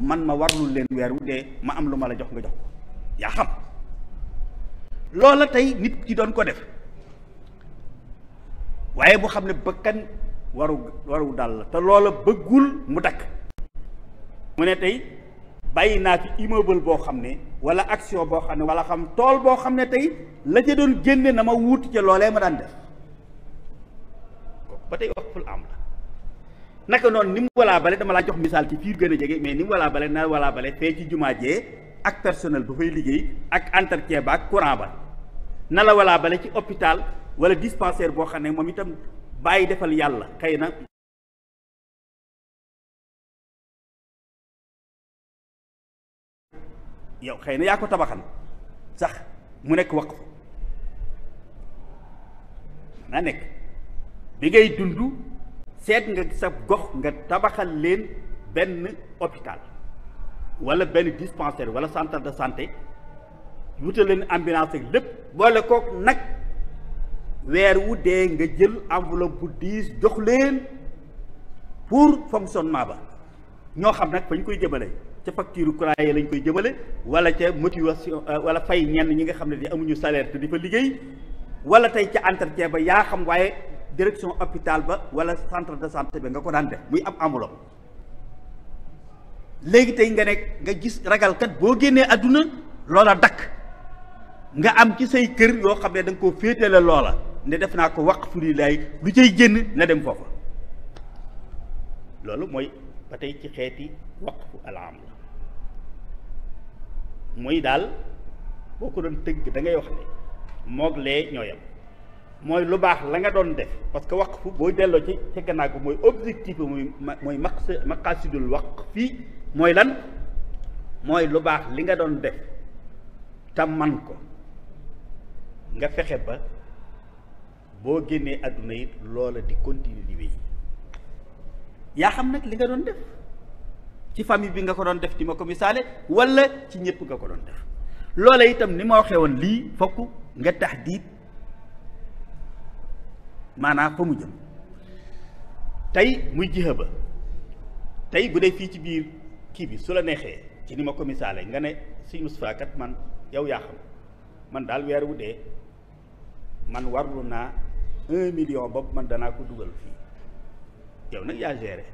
man ma warlul leen weer wu dee ma am lu ma la jox nga jox ko yaa xam loola tey nit ki doon ko def waaye bu xam ne bëkkan waru waru dal la te loola bëggul mu dakk mu ne tey bàyyi naa fi immeuble boo xam ne wala action boo xam ne wala xam tool boo xam ne tey la ca doon génne na ma wuuti ca loolee ma daan def ba tey wax am naka noonu ni mu walaa bale dama laa jox misaal ci fiir gën a jege mais ni mu walaa bale na walaa bale fee ci jumaa jee ak personnel bu fay liggéey ak entretien ba ak courant ba na la walaa bale ci hôpital wala dispensaire boo xam ne moom itam bàyyi defal yàlla xëy na yow xëy na yaa ko tabaxan sax mu nekk waqf naa nekk bi ngay dund seet nga sa gox nga tabaxal leen benn hôpital wala benn dispensaire wala centre de santé wutal leen ambulance ak lépp boole kook nag weer wu dee nga jël enveloppe bu diis jox leen pour fonctionnement ba ñoo xam nag fa ñu koy jëmale ca facture courant yi lañ koy jëmale wala ca motivation euh, wala fay ñenn ñi nga xam ne di amuñu salaire te di fa liggéey wala tey ca entretien ba yaa xam waaye direction hôpital ba wala centre de santé ba nga ko daan def muy ab enveloppe léegi tey nga nekk nga gis ragalkat boo génnee àdduna loola dakk nga am ci say kër yoo xam ne da nga koo féetale loola ne def naa ko waqfu lillaahi lu cay génn na dem foofa loolu mooy ba tey ci xeeti waqfu alaam la mooy daal boo ko doon tëgg da ngay wax ne moog lee ñoo yem mooy lu baax la nga doon def parce que wax waqf booy delloo ci ci gannaaw bi mooy objectif bi muy mooy maqasidul wax fii mooy lan mooy lu baax li nga doon def tam man ko nga fexe ba boo génnee àdduna it loola di continuer di wéy yaa xam nag li nga doon def ci famille bi nga ko doon def di ma ko misaale wala ci ñëpp nga ko doon def loola itam ni ma waxee woon lii fokk nga tax diit maanaam fa mu jëm tey muy jiha ba tey bu dee fii ci biir kii bi su la neexee ci ni ma ko misaale nga ne si Moustapha man yow yaa xam man daal weer wu dee man warlu naa un million boobu man danaa ko dugal fii yow nag yaa géré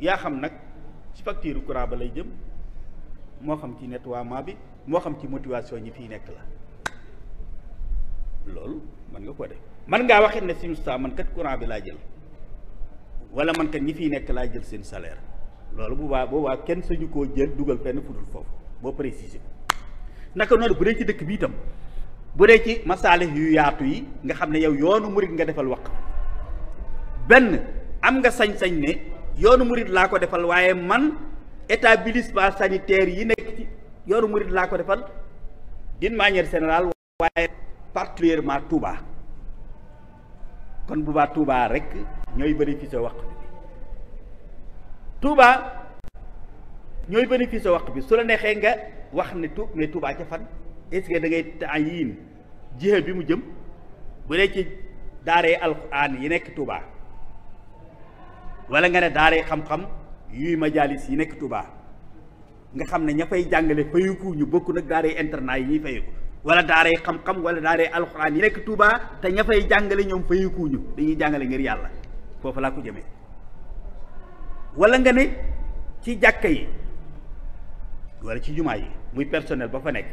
yaa xam nag ci facture courant ba lay jëm moo xam ci nettoiement bi moo xam ci motivation ñi fiy nekk la loolu mën nga ko def man ngaa waxit ne si usta man kat courant bi laa jël wala man kat ñi fiy nekk laa jël seen salaire loolu bu baa boobaa kenn sañu koo jël dugal fenn fudul foofu boo préciser naka noonu bu dee ci dëkk bi itam bu dee ci masaalix yu yaatu yi nga xam ne yow yoonu murit nga defal waqf benn am nga sañ-sañ ne yoonu murit laa ko defal waaye man établissement sanitaire yi nekk ci yoonu murit laa ko defal d'une manière générale waaye particulièrement Touba kon bu baa rek ñooy bénéficier waqf bi Touba ñooy bénéficier waqf bi su la neexee nga wax ne tu mais Touba ca fan est dangay que da ngay bi mu jëm bu nekk ci daaree alquran yi nekk Touba wala nga ne daaree xam-xam yuy majalis yi nekk Touba nga xam ne ña fay jàngale fayeku ñu bokk nag daaree internat yi ñuy fayeku wala daaray xam-xam wala daaray alxuraan yi nekk tubaa te nga fay jàngale ñoom fayikuñu dañuy jàngale ngir yàlla foofu laa ko jëmee walla nga ne ci jàkka yi wala ci jumaa yi muy personnel ba fa nekk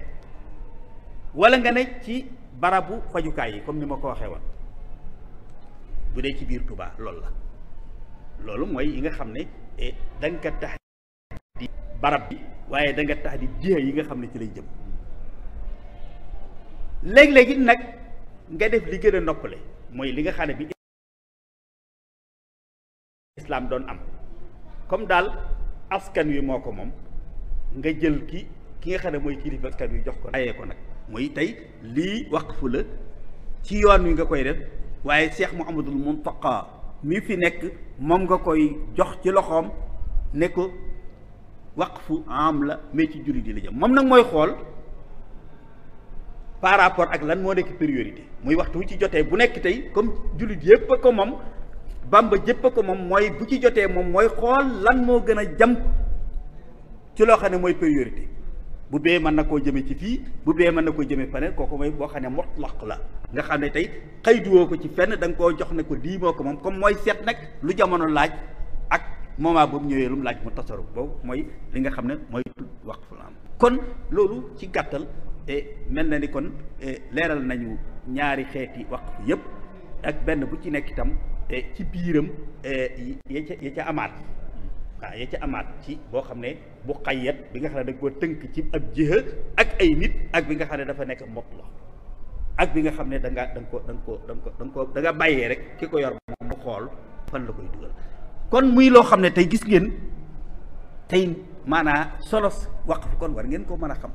wala nga ne ci barabu fajukaay yi comme ni ma ko waxee woon bu dee ci biir tubaa loolu la loolu mooy yi nga xam ne eh, da nga tax di barab bi waaye da nga tax di diya yi nga xam ne ci lay jëm léeg-léeg nag nga def li gën a noppale mooy li nga xam ne bi islaam doon am comme daal askan wi moo ko moom nga jël ki ki nga xam ne mooy kilifa askan wi jox ko ayee ko nag mooy tey lii wax fu la ci yoon wi nga koy def waaye Cheikh Mouhamadul Mountakha mi fi nekk moom nga koy jox ci loxoom ne ko fu am la mais ci jullit yi la jëm moom nag mooy xool par rapport ak lan moo nekk priorité muy waxtu wu ci jotee bu nekk tey comme jullit yépp a ko moom bamba jëpp a ko moom mooy bu ci jotee moom mooy xool lan moo gën a jam ci loo xam ne mooy priorité bu bee mën na koo jëme ci fii bu bee mën na ko jëme feneen kooku mooy boo xam ne mutlaq la nga xam ne tey xëyduwoo ko ci fenn da nga jox ne ko lii ko moom comme mooy seet nag lu jamono laaj ak moment boobu ñëwee laaj mu tasaru boobu mooy li nga xam ne mooy waqf la am kon loolu ci gàttal te mel na ni kon eh, leeral nañu ñaari xeeti waqf yëpp ak benn bu ci nekk itam eh, ci biiram eh, ya ca ya amaat waaw ya ca amaat ci boo xam ne bu xayyat bi nga xam ne dañ koo tënk ci ab jiha ak ay nit ak bi nga xam ne dafa nekk mott la ak bi nga xam ne danga nga ko da ko da ko da nga ko bàyyee rek ki ko yor moom mu xool fan la koy dugal kon muy loo xam ne tey gis ngeen tey maanaa solos waqf kon war ngeen ko mën a xam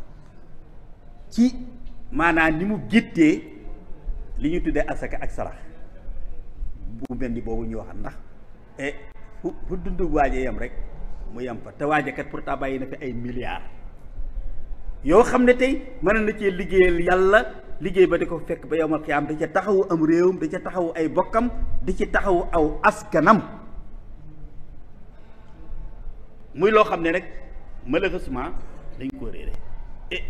ci maanaam ni mu géttee li ñu tuddee asaka ak sarax bu mel ni boobu ñu wax ndax e fu fu dund waaje yam rek mu yam fa te waaje kat pourtant bàyyi na fi ay milliards yoo xam ne tey mën na cee liggéeyal yàlla liggéey ba di ko fekk ba yowmal am da ca taxawu am réewam da ca taxawu ay bokkam di ci taxawu aw askanam muy loo xam ne rek malheureusement dañ ko réere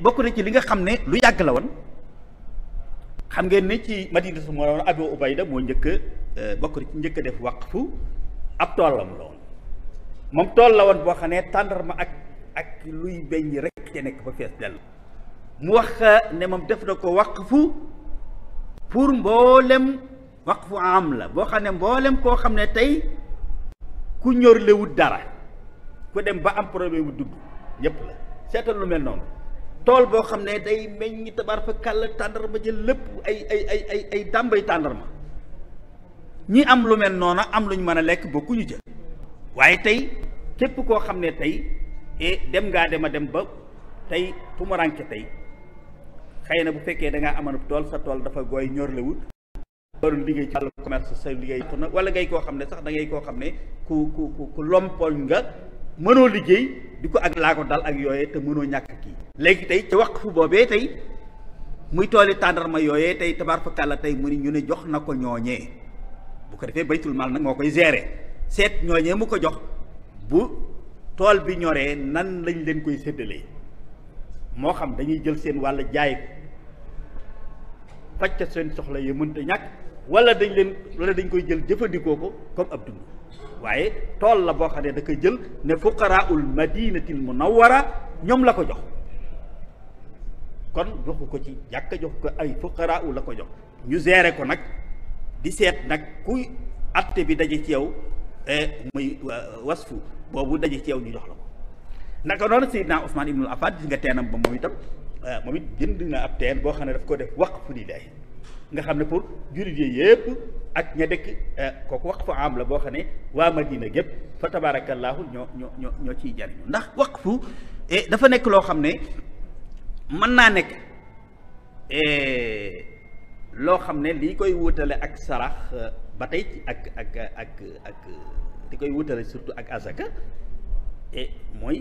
bokk na ci li nga xam ne lu yàgg la woon xam ngeen ni ci madinatu munawwara Abu Ubayda moo njëkk euh, bokk ci njëkk a def waqfu ab toolam la woon moom tool la woon boo xam ne tàndarma ak ak beñ beññ rek ca nekk ba fees dell mu wax ne moom def na ko fu pour mboolem waqfu am la boo xam ne mboolem koo xam ne tey ku ñorlewut dara ku dem ba am problème bu dugg yépp la seetal lu mel noonu tool boo xam ne day meññ tabaar fa kàll tàndarma jël lépp ay ay ay ay ay dàmbay tàndarma ñi am lu mel noona am luñ mën a lekk bokkuñu jël waaye tey képp koo xam ne tey e dem ngaa dem a dem ba tey fu tey xëy na bu fekkee da ngaa amoon tool sa tool dafa gooy ñor la liggéey ci wàllu commerce sa liggéey na wala ngay koo xam ne sax dangay koo xam ne ku ku ku ku lompoñ nga mënoo liggéey di ko ak laa ko dal ak yooyee te mënoo ñàkk kii léegi tey ca waqfu boobee tey muy tooli tàndarma yooyee tey tabaar fa kàlla tey mu ni ñu ne jox na ko ñooñee bu ko defee baytul maal nag moo koy gérer seet ñooñee mu ko jox bu tool bi ñoree nan lañ leen koy séddalee moo xam dañuy jël seen wàll jaay ko faj seen soxla yi mënta ñàkk wala dañ leen wala dañ koy jël jëfandikoo ko comme ab dund waaye tool la boo xam ne da koy jël ne fuqaraul madinatil munawwara ñoom la ko jox kon joxu ko ci jàkk jox ko ay fuqaraul la ko jox ñu gérer ko nag di seet nag kuy atte bi daje ci yow e, muy wasfu boobu daje ci yow ñu jox la ko naka noonu Seydina Ousmane ibnul Affan gis nga teenam ba moom itam e, moom it jënd na ab teen boo xam ne daf ko def waqfu lillaahi nga xam ne pour jullit yee yépp ak ña dëkk euh, kooku waqfu am la boo xam ne waa Madina gépp fa tabaarakallaahu ñoo ñoo ñoo ñoo ciy jariñu ndax fu eh, dafa nekk loo xam ne mën naa nekk eh, loo xam ne lii koy wutale ak sarax euh, ba tey ak ak ak ak di koy wutale surtout ak azaka eh, mooy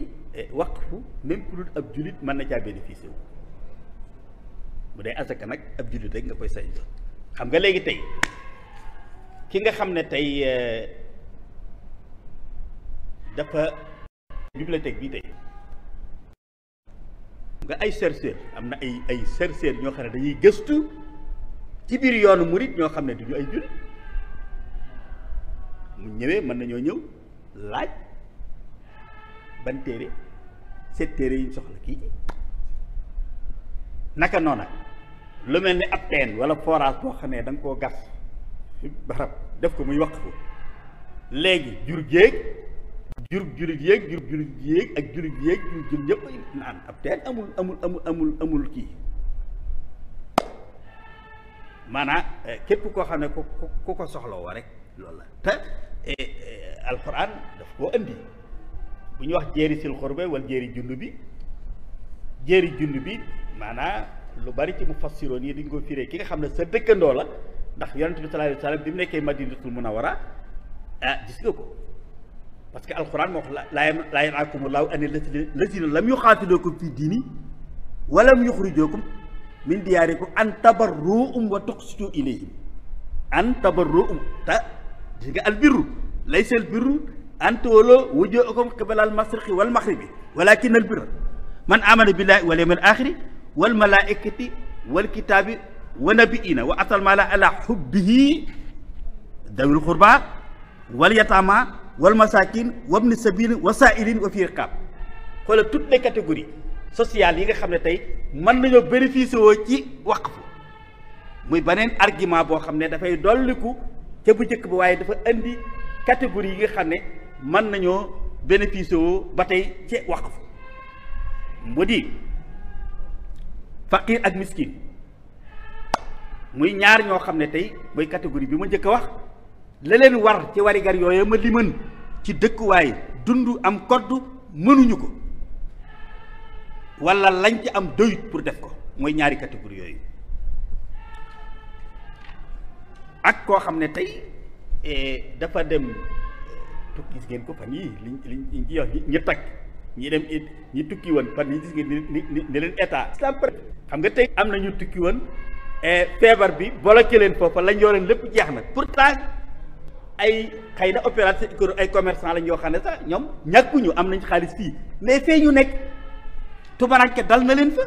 waqfu même ku dul ab jullit mën na caa bénéficié wu bu dee azaka nag ab jullit rek nga koy sañ xam nga léegi tey ki nga xam ne tey euh, dafa bibliothèque bii tey nga ay chercheur am na ay ay chercheur ñoo xam ne dañuy gëstu ci biir yoonu murit ñoo xam ne duñu ay jullit mu ñëwee mën nañoo ñëw laaj ban téere seet téere yi ñu soxla kii ci naka noona lu mel ni ab teen wala forage boo xam ne da koo gas barab def ko muy wax ko léegi jur géeg jur jullit yéeg jur jullit yéeg ak jullit yéeg jur jur ñëpp na am ab teen amul amul amul amul amul kii maanaam eh, képp koo xam ne ku ku ko soxlawoo rek lool la te eh, eh, alquran daf koo indi bu ñu wax jéeri sil xorbe wala jéeri jund bi jéeri jund bi maanaam lu bari ci mu fassiroon yi dañ ko firee ki nga xam ne sa dëkkandoo la ndax yonent bi sallallahu alayhi wa sallam bi mu nekkee madinatul munawara ah gis nga ko parce que alquran moo wax la laa yanhaakumullahu ani lazina lam yuqaatilukum fi diini wa lam yuxrijukum min diyaarikum an tabarruum wa tuqsitu ilayhim an tabarruum ta gis nga albirru laysa albirru an tuwallu wujuhakum qibala almasriqi walmaghribi walakin albirra man amana billahi wal yawmil axiri wal malaikati wal kitaabi wa nabiina wa atal maala ala xubbihi dawil xurba wal yataama wal masakin wabni sabili wa sailin wa fi riqab xoola toutes les catégories sociales yi nga xam ne tey mën nañoo bénéficier woo ci waqf muy beneen argument boo xam ne dafay dolliku ca bu njëkk ba waaye dafa indi catégorie yi nga xam ne mën nañoo bénéficier woo ba tey ci waqf mu di faqir ak miskin muy ñaar ñoo xam ne tey mooy catégorie bi ma njëkk a wax la leen war ci warigar yooyu ma li mën ci dëkkuwaay dund am kodd mënuñu ko wala lañ ci am doyut pour def ko mooy ñaari catégorie yooyu ak koo xam ne tey e, dafa dem tukki gis ngeen ko fan yii li liñ ci wax ñi takk ñi dem ñi tukki woon fan yi gis ngeen ni ni leen état. xam nga tey am na ñu tukki woon. Eh, feebar bi bloqué leen foofa lañ yoreen lépp jeex na pourtant ay xëy na opérateur économique ay commerçant lañ yoo xam ne sax ñoom ñàkkuñu am nañ xaalis fii mais fee ñu nekk tubaranke dal na leen fa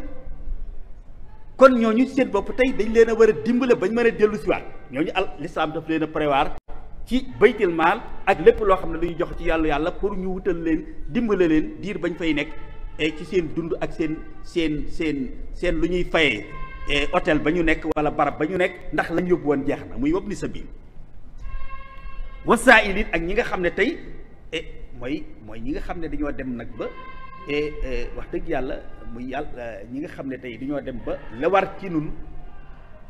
kon ñooñu seen bopp tey dañ leen a war a dimbale bañ mën a dellu siwaat ñooñu al l'islam daf leen a prévoir ci baytil maal ak lépp loo xam ne lu dañuy jox ci yàlla yàlla pour ñu wutal leen dimbale leen diir bañ fay nekk eh, ci seen dund ak seen seen seen seen lu ñuy fayee Eh, hôtel ba ñu nekk wala barab ba ñu nekk ndax lañ yóbbu jeex na muy wëpp ni sa biir wasaa ilit ak ñi nga xam ne tey eh, mooy mooy ñi nga xam ne dañoo dem nag ba eh, wax dëgg yàlla muy yàlla ñi nga xam ne tey dañoo dem ba la war ci nun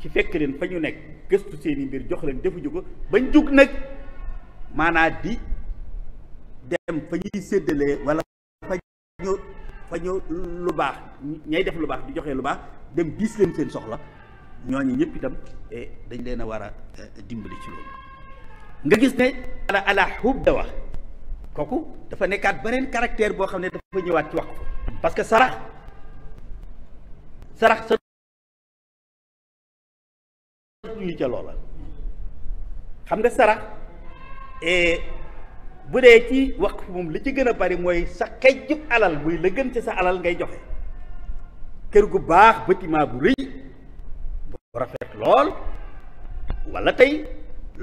ci fekk leen fa ñu nekk gëstu seeni mbir jox leen defuñu ko bañ jug nag maanaat di dem fa ñuy séddalee wala fa ñu fa ñu lu baax ñay def lu baax di joxee lu baax dem gis leen seen soxla ñooñu ñëpp itam e dañ leen a war a e, dimbali ci loolu nga gis ne ala ala xub dawa kooku dafa nekkaat beneen caractère boo xam ne dafa ñëwaat ci wax ko parce que sarax sarax sa ñu ca loola xam nga sarax e, bu dee ci wax moom li ci gën a bari mooy sa kay jub alal muy la gën ci sa alal ngay joxe kër gu baax bâtiment bu rëy bu rafet lool wala tey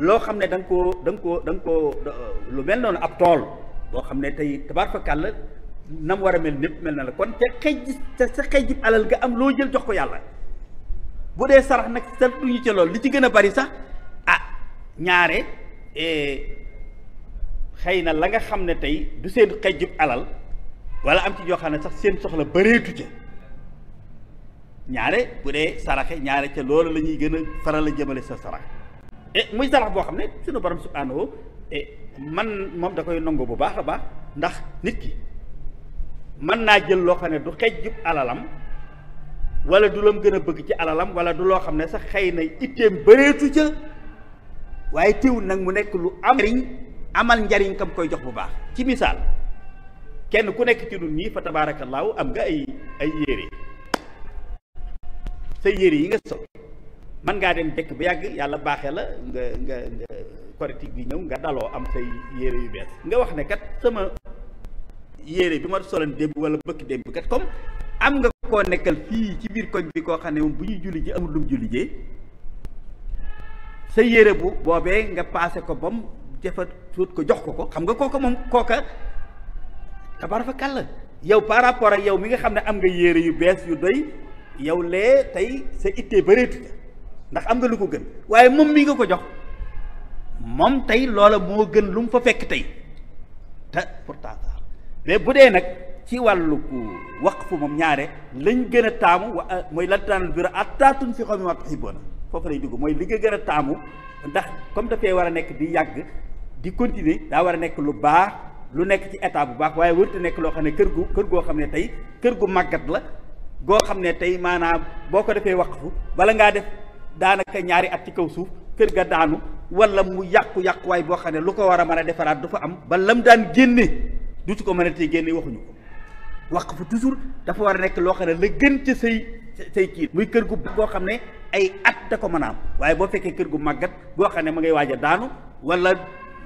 loo xam ne da ko koo da nga koo da koo lu mel noonu ab tool boo xam ne tey tabaar fa kàll nam war a mel népp mel na la kon te xëy sa sa xëy jib alal nga am loo jël jox ko yàlla bu dee sarax nag sa duñu ca lool li ci gën a bari sax ah ñaare eh, xëy na la nga xam ne tey du seen xëy alal wala am ci joo xam ne sax seen soxla bëreetu ca ñaare bu dee saraxe ñaare ca loolu la ñuy gën a faral a jëmale sa sarax e muy sarax boo xam ne suñu borom subhaanahu e man moom da koy nangu bu baax a baax ndax nit ki mën naa jël loo xam ne du xeej jub alalam wala du lam gën a bëgg ci alalam wala du loo xam ne sax xëy na itteem bëreetu ca waaye teewul nag mu nekk lu am njariñ amal njariñ kam koy jox bu baax ci misaal kenn ku nekk ci nun ñii fa tabaarakallaahu am nga ay ay yére sa yére yi nga sol mën ngaa dem dëkk bu yàgg yàlla baaxee la nga nga politique bi ñëw nga daloo am say yére yu bees nga wax ne kat sama yére bi ma solan démb wala bëkk démb kat comme am nga koo nekkal fii ci biir koñ bi koo xam ne bu ñu julli ji lu mu julli sa yére bu boobee nga paase ko bam defa suut ko jox ko ko xam nga kooka moom kooka tabaar fa kàll yow par rapport ak yow mi nga xam ne am nga yére yu bees yu doy yow lee tey sa ittee bëreetut ndax am nga lu ko gën waaye moom mi nga ko jox moom tey loola moo gën lu mu fa fekk tey te pourtant mais bu dee nag ci wàll wàllu fu moom ñaare lañ gën a taamu wa euh, mooy lan taanal biro attaatun fi xawmi ma tuhibbuuna foofu lay dugg mooy li nga gën a taamu ndax comme dafay war a nekk di yàgg di continuer daa war a nekk lu baax lu nekk ci état bu baax waaye wërta nekk loo xam ne kër gu kër goo xam ne tey kër gu màggat la goo xam ne tey maanaam boo ko defee waqfu bala ngaa def daanaka ñaari at ci kaw suuf kër ga daanu wala mu yàqu-yàquwaay boo xam ne lu ko war a mën a defaraat du fa am ba lam daan génne dutu ko mën a te génne waxuñu ko waqfu toujours dafa war a nekk loo xam ne la gën ca say say kii muy kër gu goo xam ne ay at da ko mën a am waaye boo fekkee kër gu màggat goo xam ne ma ngay waaj daanu wala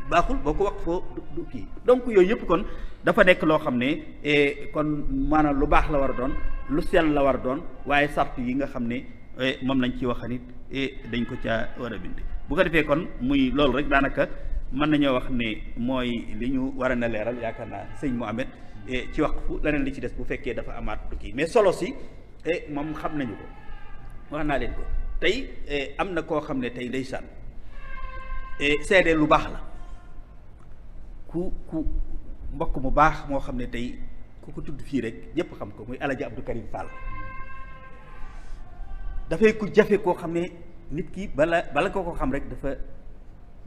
baaxul boo ko waqfoo du kii donc yooyu yëpp kon dafa nekk loo xam ne eh, kon maanaam lu baax la war a doon lu sell la war doon waaye sart yi nga xam ne eh, moom lañ ci waxanit eh, dañ ko ca war a bind bu ko defee kon muy loolu rek daanaka mën nañoo wax ne mooy li ñu war a na leeral yaakaar naa sëñ Mohamed eh, ci wax fu leneen li ci des bu fekkee dafa amaat du mais solo si moom xam nañu ko wax naa leen ko tey am na koo xam ne tey ndeysaan seede lu baax la ku ku mbokk mu baax moo xam ne tey ku ko tudd fii rek ñëpp xam ko muy alaji Abdou Karim Fall dafay ku jafe koo xam ne nit ki bala bala koo ko xam rek dafa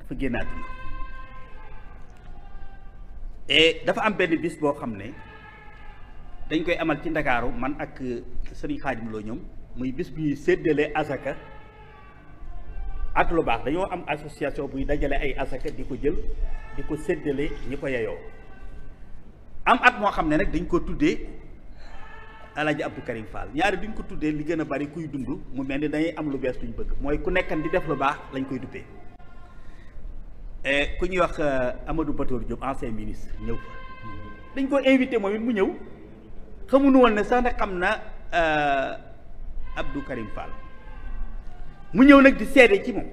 dafa génn àdduna et dafa am benn bis boo xam ne dañ koy amal ci ndakaaru man ak sëriñ Xaadim Lo ñoom muy bis bu ñuy séddale asaka ak lu baax dañoo am association buy dajale ay asaka di ko jël di ko séddale ñi ko yeyoo am at moo xam ne nag dañ koo tuddee Alaaji Abdou Karim Fall ñaari duñ ko tuddee li gën a bari kuy dund mu mel ni dañuy am lu bees luñ bëgg mooy ku nekkan di def lu baax lañ koy duppee eh, ku ñuy wax eh, Amadou Batoor Diop ancien ministre ñëw fa dañ ko invité moom it mu ñëw xamuñu woon ne sax nag xam na eh, Abdou Karim Fall mu ñëw nag di seede ci moom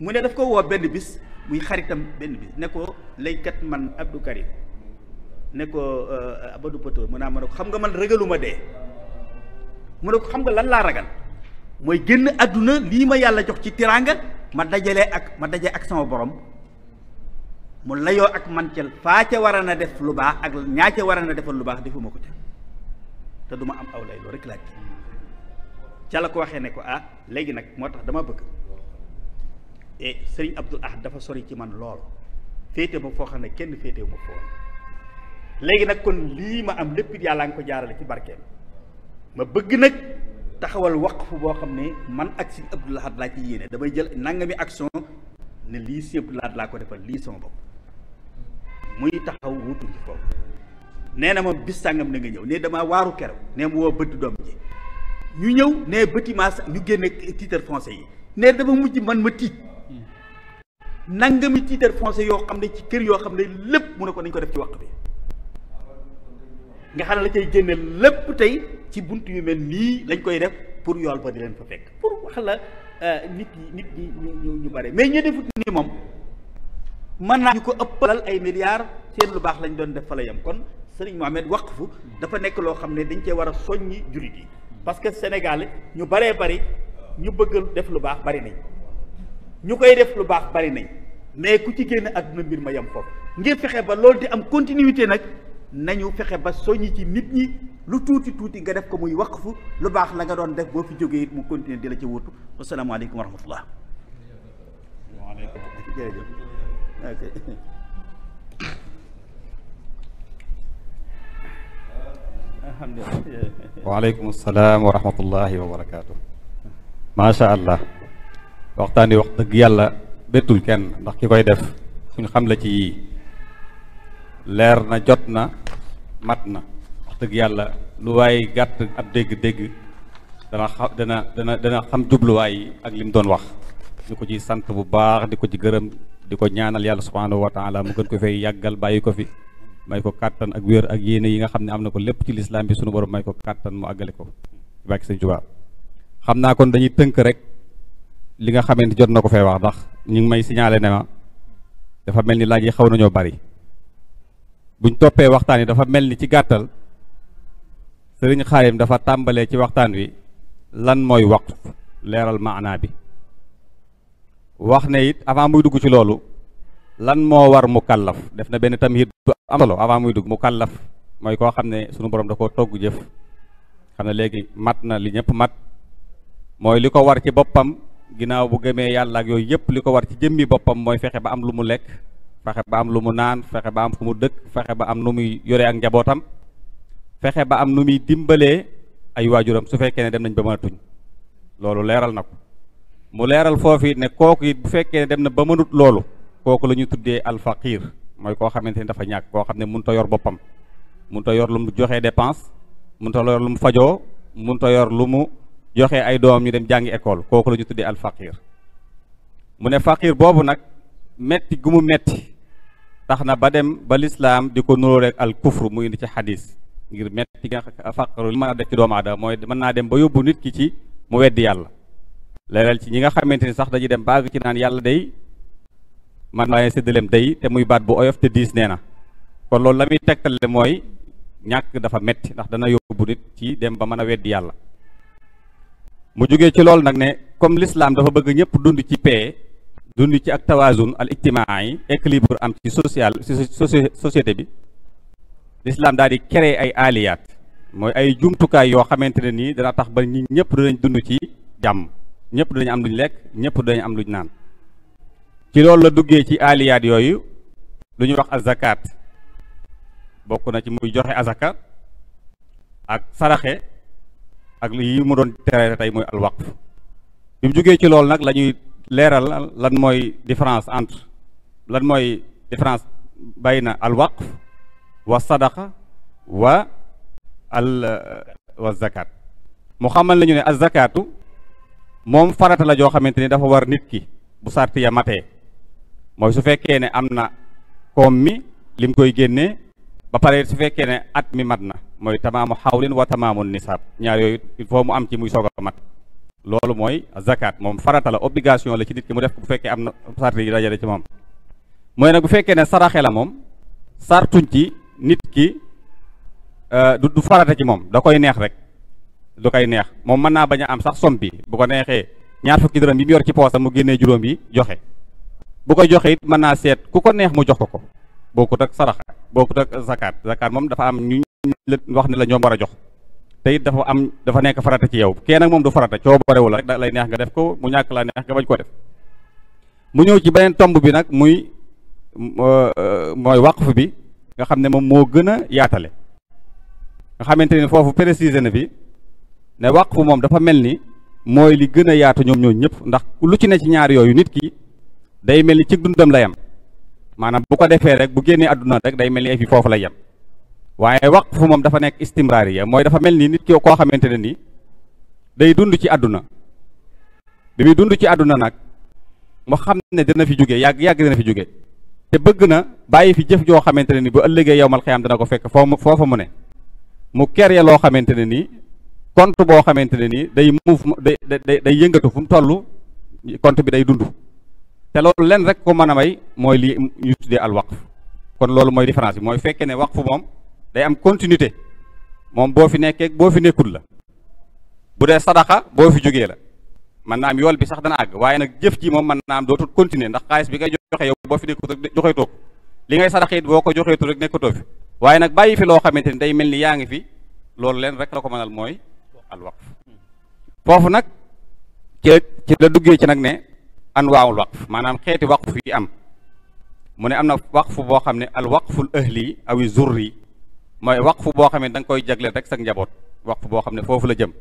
mu ne daf ko woo benn bis muy xaritam benn bis ne ko laykat man Abdou Karim ne ko euh, Abadou Pato mu naa ah, ma ne ko xam nga man ragaluma dee mu ne ko xam nga lan laa ragal mooy génn àdduna lii ma yàlla jox ci tiraanga ma dajalee ak ma daje ak sama borom mu layoo ak man ca faa ca na def lu baax ak ñaa ca na defal lu baax defuma ko ca te duma am aw lay loolu rek laaj la ko waxee ne ko ah léegi nag moo tax dama bëgg e sëriñ Abdul Ahad dafa sori ci man lool féete ba foo xam ne kenn féetewu ma foofu léegi nag kon lii ma am lépp yàlla nga ko jaarale ci barkeem ma bëgg nag taxawal waqfu boo xam ne man ak si Abdou Lahad laa ci yéene damay jël nangami action ne lii si Abdou laa ko defal lii sama bopp muy taxaw wutu ci foofu nee na ma bis sàngam na nga ñëw ne damaa waaru kerew ne ma woo bëtt doom ji ñu ñëw ne bâtiment ñu génne titre foncier yi ne dama mujj man ma tiit hmm. nangami titre foncier yoo xam ne ci kër yoo xam ne lépp mu ne ko nañ ko def ci waq bi nga xam ne la cay génne lépp tey ci bunt yu mel nii lañ koy def pour yool ba di leen fa fekk pour wax la euh, nit ñi nit ñi ñu ñu bare mais ñu defut nii moom mën naa ñu ko ëppalal ay milliards seen lu baax lañ doon def fa la yem kon sëriñ Mohamed waqfu dafa nekk loo xam ne dañ cee war a soññi jullit yi parce que Sénégal ñu baree bari ñu bëgg def lu baax bari nañ ñu koy def lu baax bari nañ mais ku ci génn àdduna mbir ma yem foofu ngir fexe ba loolu di am continuité nag nañu fexe ba soññi ci nit ñi lu tuuti tuuti nga def ko muy waqfu lu baax la nga doon def boo fi jógee mu continuer di la ci wutu wasalaamaaleykum wa rahmatullah jërëjëf waaleykum salaam wa rahmatullahi wa barakaatu macha allah waxtaan wax dëgg yàlla bettul kenn ndax ki koy def suñ xam la ci yii leer na jot na mat na wax dëgg yàlla lu waay gàtt ab dégg-dégg dana xam dana dana dana xam jubluwaay yi ak li mu doon wax ñu ko ci sant bu baax di ko ci gërëm di ko ñaanal yàlla subhaanahu wa taala mu gën ko fay yàggal bàyyi ko fi may ko kàttan ak wér ak yéene yi nga xam ne am na ko lépp ci lislaam bi sunu borom may ko kàttan mu àggale ko bàkki sëñ Tuubaa xam naa kon dañuy tënk rek li nga xamante jot na ko fee wax ndax ñu ngi may siñaale ne ma dafa mel ni laaj xaw nañoo bari buñ toppee waxtaan yi dafa mel ni ci gàttal sëriñ Xaadim dafa tàmbalee ci waxtaan wi lan mooy waqf leeral maanaa bi wax na it avant muy dugg ci loolu lan moo war mu kallaf def na benn tamhid bu am solo avant muy dugg mu kallaf mooy koo xam ne sunu borom da koo togg jëf xam ne léegi mat na li ñëpp mat mooy li ko war ci boppam ginnaaw bu gëmee yàlla ak yooyu yëpp li ko war ci jëmmi boppam mooy fexe ba am lu mu lekk fexe ba am lu mu naan fexe ba fu mu dëkk fexe ba am nu muy yore ak njabootam fexe ba am nu muy dimbalee ay waajuram su fekkee ne dem nañ ba mënatuñ loolu leeral na ko mu leeral foofu it ne kooku bu fekkee dem na ba mënut loolu kooku la ñu tuddee alfaqir mooy koo xamante ni dafa ñàkk koo xam ne mënut yor boppam mënut a yor lu mu joxee dépense mënut a lu mu fajoo mënut a yor lu mu joxee ay doomam ñu dem jàngi école kooku la ñu tuddee alfaqiir mu ne faqir boobu nag metti gu mu metti tax na ba dem ba lislaam di ko nuroo rek al kufru mu ci xadis ngir metti gi nga faqaru li mën a def ci doomu aadama mooy mën naa dem ba yóbbu nit ki ci mu weddi yàlla leneen ci ñi nga xamante ni sax dañuy dem baag ci naan yàlla day man waaye séddaleem day te muy baat bu oyof te diis nee na kon loolu la muy tegtale mooy ñàkk dafa metti ndax dana yóbbu nit ci dem ba mën a weddi yàlla mu jógee ci loolu nag ne comme l'islam dafa bëgg ñëpp ci paix dund ci ak tawazun al ijtimaai équilibre am ci social société bi l'islam daal di créer ay aliyaat mooy ay jumtukaay yoo xamante ne nii dana tax ba ñi ñëpp danañ dund ci jàmm ñëpp danañ am luñ lekk ñëpp danañ am luñ naan ci loolu la duggee ci aliyaat yooyu lu ñuy wax azakaat bokk na ci muy joxe azaka ak saraxe ak yi mu doon tere tey mooy alwaqf bi jógee ci loolu nag lañuy leeral lan mooy différence entre lan mooy différence bayna al waqf wa sadaqa wa al wa zakat mu xamal lañu ne al zakatu moom farata la joo xamante ni dafa war nit ki bu sarti ya matee mooy su fekkee ne am na koom mi lim koy génnee ba pare su fekkee ne at mi mat na mooy tamaamu xawlin wa tamaamu nisaab ñaar yooyu il faut mu am ci muy soog a mat loolu mooy zakat moom farata la obligation la ci nit ki mu def ko bu fekkee am na sart yi dajale ci moom mooy nag bu fekkee ne saraxe la moom sartuñ ci nit ki euh, du farata ci moom da koy neex rek du koy neex moom mën naa bañ a am sax som bi bu ko neexee ñaar fukki dërëm yi mu yor ci poosam mu génnee juróom yi joxe bu ko joxe it mën naa seet ku ko neex mu jox ko ko boo bokkut ak boo bokkut ak zakat zakat moom dafa am ñu wax ne la ñoom war a jox te it dafa am dafa nekk farata ci yow kee nag moom du farata coobarewu la rek da lay neex nga def ko mu ñàkk laa neex nga bañ ko def mu ñëw ci beneen tomb bi nag muy euh, mooy waqf bi nga xam ne moom moo gën a yaatale nga xamante ni foofu précisé na fi ne waqf moom dafa mel ni mooy li gën a yaatu ñoom ñoo ñëpp ndax lu ci ne ci ñaar yooyu nit ki day mel ni ci dundam la yem maanaam bu ko defee rek bu génnee àdduna rek day mel ni ay fi foofu lay yem waaye wax waqfu moom dafa nekk istimraariya mooy dafa mel ni nit ki koo xamante ne nii day dund ci àdduna bi muy dund ci àdduna nag mu xam ne dina fi jóge yàgg yàgg dina fi jóge te bëgg na bàyyi fi jëf joo xamante ne ni bu ëllëgee yowmal xiyaam dana ko fekk foo foofa mu ne mu kerye loo xamante ne nii kont boo xamante ne ni day muuf day day day yëngatu fu mu toll compte bi day dund te loolu leen rek ko mën a may mooy li ñu tuddee al waqf kon loolu mooy différence mooy fekkee ne waqf moom day am continuité moom boo fi nekkee boo fi nekkul la bu dee sadaxa boo fi jógee la mën naa am yool bi sax dana àgg waaye nag jëf ji moom mën naa am dootul continuer ndax xaalis bi ngay joxe yow boo fi nekkut rek joxeetoo ko li ngay sadaxa it boo ko joxeetu rek nekkatoo fi waaye nag bàyyi fi loo xamante ni day mel ni yaa ngi fi loolu leen rek la ko mënal mooy al waqf foofu nag ci ci la duggee ci nag ne anwaawul waqf maanaam xeeti waqf yi am mu ne am na waqf boo xam ne al waqful ahli awi mooy waqfu boo xam ne da nga koy jagleel rek sag njaboot waqfu boo xam ne foofu la jëm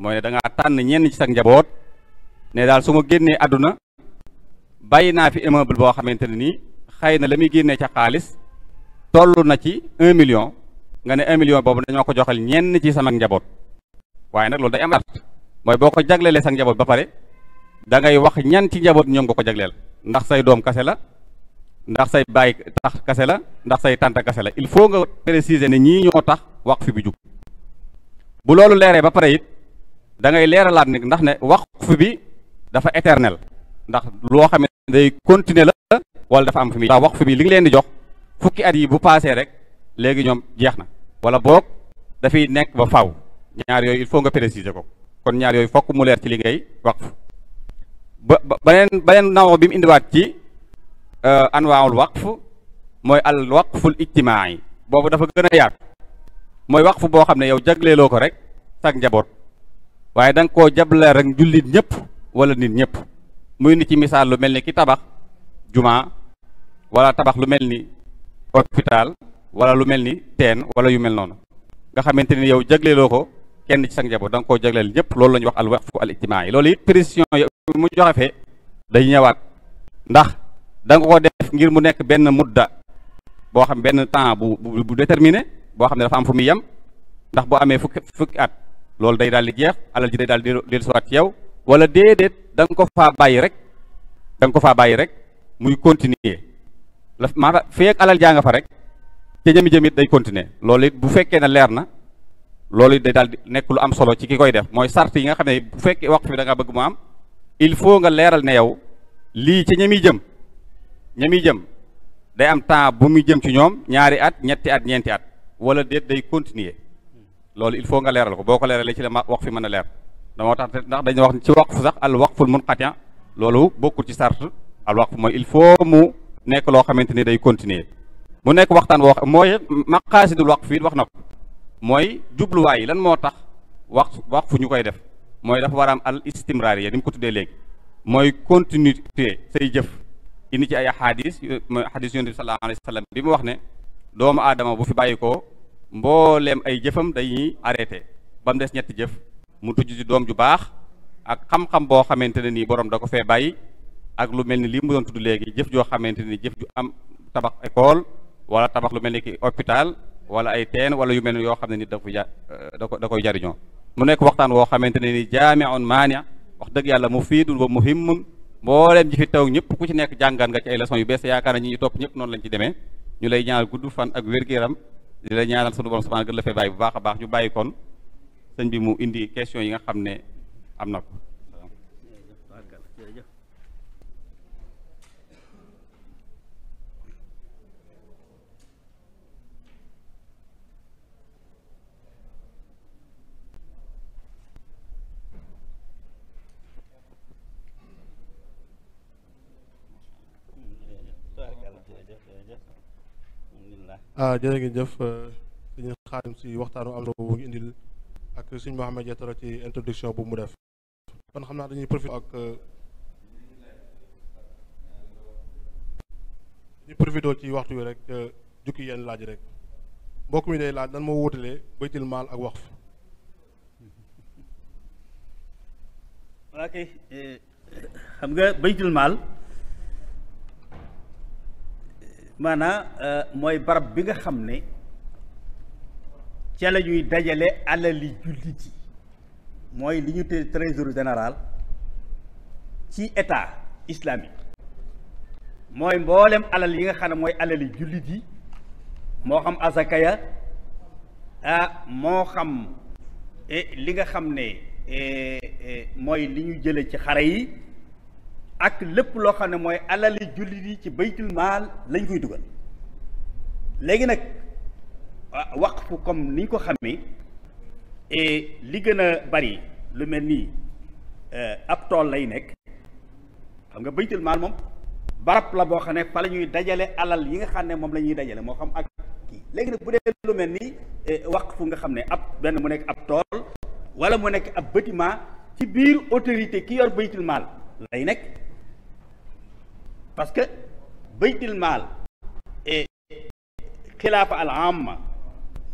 mooy ne da ngaa tànn ñenn ci sag njaboot ne daal su ma génnee àdduna bàyyi naa fi immeuble boo xamante ne nii xëy na la muy génnee ca xaalis toll na ci un million nga ne un million boobu dañoo ko joxal ñenn ci sama njaboot waaye nag loolu day am at mooy boo ko jaglelee sag njaboot ba pare da ngay wax ñan ci njaboot ñoom nga ko jagleel ndax say doom kase la ndax say baay tax kase la ndax say tànt kase la il faut nga préciser ne ñii ñoo tax wax fi bi jug bu loolu leeree ba pare it da ngay leeralaat ne ndax ne wax waqf bi dafa éternel ndax loo xam ne day continuer la wala dafa am fi muy ndax waqf bi li nga leen di jox fukki at yi bu paasee rek léegi ñoom jeex na wala boog dafay nekk ba faw ñaar yooyu il faut nga préciser ko kon ñaar yooyu fokk mu leer ci li ngay waqf ba beneen beneen naw bi mu indiwaat ci Euh, anwaawul waqf mooy al waqful ijtimaai boobu dafa gën a yaatu mooy wax fu boo xam ne yow jagleeloo ko rek sag njaboot waaye da nga koo jableel rek jullit ñëpp wala nit ñëpp muy ni ci misaal lu mel ni ki tabax jumaa wala tabax lu mel ni hôpital wala lu mel ni teen wala yu mel noonu nga xamante ni yow jagleeloo ko kenn ci sag njaboot da ko koo jagleel ñëpp loolu la ñuy wax al waqfu al ijtimaai loolu it précision mu joxe fee day ñëwaat da nga ko def ngir mu nekk benn mudda boo xam benn temps bu bu déterminer boo xam ne dafa am fu muy yem ndax boo amee fukki fukki at loolu day daal di jeex alal ji day daal di dellusiwaat ci yow wala déedéet danga nga ko faa bàyyi rek da nga ko faa bàyyi rek muy continuer la maa fee ak alal jaa nga fa rek te jëmi jëmit day continuer loolu it bu fekkee ne leer na loolu it day daal di nekk lu am solo ci ki koy def mooy sart yi nga xam ne bu fekkee wax bi da nga bëgg mu am il faut nga leeral ne yow lii ci ñemi jëm ña muy jëm day am temps bu muy jëm ci ñoom ñaari at ñetti at ñeenti at wala déet day continuer loolu il faut nga leeral ko boo ko leeralee ci la wax fi mën a leer dama tax ndax dañu wax ci waqfu sax al waqful munqati loolu bokkul ci sart al waqf mooy il faut mu nekk loo xamante ni day continuer mu nekk waxtaan woo mooy maqaasidul waqf fii wax na ko mooy jubluwaay yi lan moo tax wax wax fu ñu koy def mooy dafa war a am al istimraar yi ni mu ko tuddee léegi mooy continuité say jëf indi ci ay xadis xadis yonent bi sallallahu alayhi wa sallam wax ne doomu aadama bu fi bàyyi ko mbooleem ay jëfam dañuy arrêté ba mu des ñett jëf mu tuj ci doom ju baax ak xam-xam boo xamante ne nii boroom da ko fee bàyyi ak lu mel ni lii mu doon tudd léegi jëf joo xamante ni jëf ju am tabax école wala tabax lu mel ni ki hôpital wala ay teen wala yu mel ni yoo xam ne ni da ko da koy jariñoo mu nekk waxtaan woo xamante ne ni jaamiun maania wax dëgg yàlla mbooleem ji fi taw ñëpp ku ci nekk jàngaan nga ci ay leçons yu bees yaakaar na ñu topp ñëpp noonu lañ ci demee ñu lay ñaanal gudd fan ak wér-gu-yaram di la ñaanal sunu borom subhaanahu gën la fee bàyyi bu baax baax ñu bàyyi koon sëñ bi mu indi question yi nga xam ne am na ko ah jërë ngeen jëf euh, suñu xaadim si waxtaanu am na ngi indil ak suñ Mouhamed Yatara ci introduction bu mu def kon xam naa dañuy profité ak euh, dañuy profité ci waxtu wi rek euh, jukki yenn laaj rek mbokk mi day laaj lan moo wóotalee baytil maal ak waqf ok xam nga baytul maal maanaam euh, mooy barab bi nga xam ne ca la dajale alali jullit yi mooy li ñu tëdd trésor général ci état islamique mooy mboolem alal yi nga xam ne mooy alali jullit yi moo xam azakaya ah moo xam eh, li nga xam ne eh, eh, mooy li ñu jële ci xare yi ak lépp loo xam ne mooy alali jullit yi ci baytul maal lañ koy dugal léegi nag waqfu comme niñ ko xamee et li gën a bari lu mel nii euh, ab tool lay nekk xam nga baytul maal moom barab la boo xam ne fa ñuy dajale alal yi nga xam ne moom la ñuy dajale moo xam ak kii léegi nag bu dee lu mel nii euh, waqfu nga xam ne ab benn mu nekk ab tool wala mu nekk ab bâtiment ci biir autorité ki yor baytul maal lay nekk parce que baytil maal et xilaafa al amma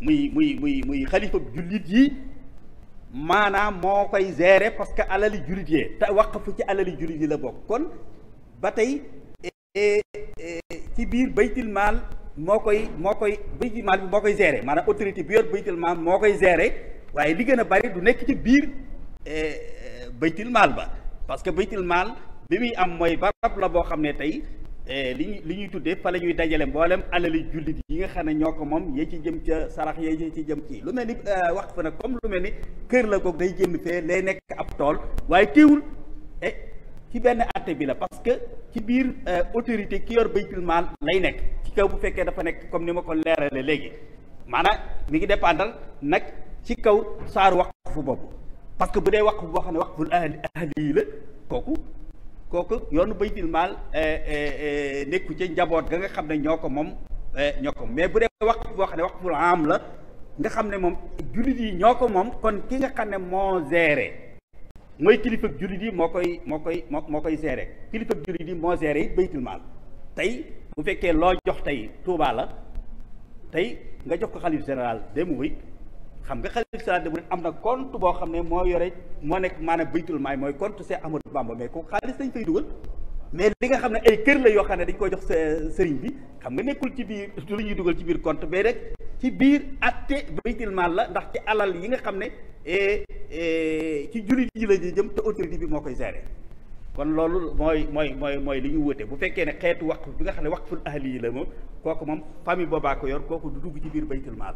muy muy muy muy xalifa jullit yi maanaam moo koy gérer parce que alali jullit yee te fu ci alali jullit yi la bokk kon ba tey e, e, e, ci biir baytil maal moo koy moo koy baytil maal bi moo koy gérer maanaam autorité bi yor baytil maal moo koy gérer waaye li gën a bari du nekk ci biir baytil maal ba parce que baytil maal li muy am mooy barab la boo xam ne tey eh, li li ñuy tuddee fa la ñuy dajale mboolem alali jullit yi nga xam ne ñoo ko moom yee ci jëm ca sarax yee ci jëm ci lu mel ni eh, wax fa nag comme lu mel ni kër la goog day jënd fee lay nekk ab tool waaye teewul eh ci benn àtte bi la parce que ci biir eh, autorité ki yor baytul maal lay nekk ci kaw bu fekkee dafa nekk comme ni ma ko leerale léegi maanaam mi ngi dépendal nag ci kaw saaru waqfu boobu parce que bu dee waqfu boo xam ne waqful ahli ahli la kooku kooku yoonu baytil maal eh, eh, eh, nekku ca njaboot ga nga xam ne ñoo ko moom ñoo ko mais bu dee waqf wax xam ne waqful am la nga xam ne moom jullit yi ñoo ko moom kon ki nga xam ne moo géré mooy kilifa jullit yi moo koy moo koy moo moo koy géré kilifa jullit yi moo géré it baytul maal tey bu fekkee loo jox tey Touba la tey nga jox ko xalif général des mourides xam nga xalifa général des mourides am na compte boo xam ne moo yore moo nekk maanaam baytul maay mooy compte Cheikh Amadou Bamba mais ko xaalis dañ fay dugal mais li nga xam ne ay kër la yoo xam ne dañ koy jox sëriñ bi xam nga nekkul ci biir lu ñuy dugal ci biir compte rek ci biir atte baytul maal la ndax ci alal yi nga xam ne eh, eh, ci jullit yi la ñuy jëm te autorité bi moo koy seeree kon loolu mooy mooy mooy mooy li ñu wute bu fekkee ne xeetu waqf bi nga xam ne waqful ahli yi la moom kooku moom famille boobaa ko yor kooku du dugg ci biir baytul maal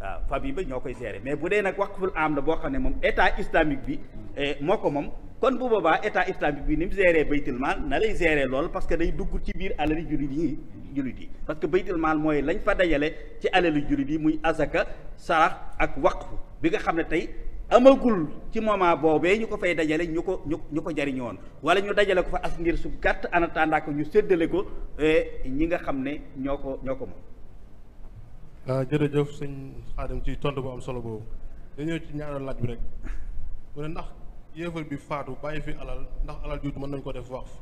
waaw euh, yi ba ñoo koy gérer mais bu dee nag waqful am la boo xam ne moom état islamique bi eh, moo ko moom kon bu boobaa état islamique bi ni mu gérer baytul maal na lay gérer lool parce que day dugg ci biir alali jullit yi jullit yi parce que baytul maal mooy lañ fa dajale ci alali jullit yi muy azaka sarax ak waqf bi nga xam ne tey amagul ci moment boobee ñu ko fay dajale ñu ko ñu ñu ko jariñoon wala ñu dajale ko fa as ngir su gàtt en attendant ñu séddale ko eh, ñi nga xam ne ñoo ko ñoo ko moom Euh, jërëjëf sëñ Xaadim ci tontu bu am solo boobu dañoo ci ñaareelu laaj bi rek mu ne ndax yéefar bi faatu bàyyi fi alal ndax alal juutu mën nañ ko def waqf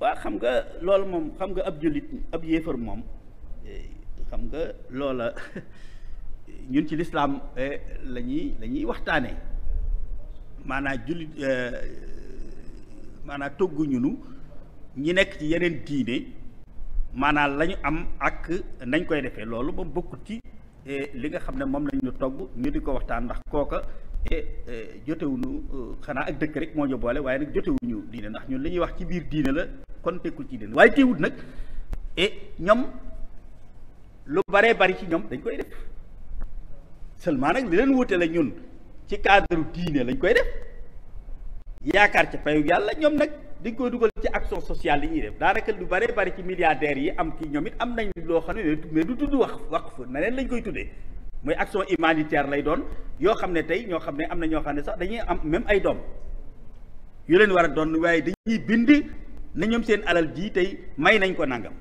waa xam nga loolu moom xam nga ab jullit ab yéefar moom xam nga loola ñun ci lislaam eh, la ñuy la ñuy waxtaanee maanaam jullit eh, maanaa togguñu nu ñi nekk ci yeneen diine maanaam la ñu am ak nañ koy defee loolu ba bokkut ci eh, li nga xam ne moom lañ ñu togg ñu di ko waxtaan ndax kooka eh, eh, jotewuñu xanaa ak dëkk rek moo ñu boole waaye nag jotewuñu diine ndax ñun li ñuy wax ci biir diine la kon tekkul ci diine waaye teewut nag e ñoom lu bare bari ci ñoom dañ koy def seulement nag li leen wutale ñun ci cadre diine lañ koy def yaakaar ca payu yàlla ñoom nag dañ koy dugal ci action sociale li ñuy def daanaka lu bare bari ci milliardaires yi am ki ñoom it am nañ loo xam ne mais du tudd wax wax na neen lañ koy tuddee mooy action humanitaire lay doon yoo xam ne tey ñoo xam ne am na ñoo xam ne sax dañuy am même ay doom yu leen war a doon waaye dañuy bind na ñoom seen alal ji tey may nañ ko nangam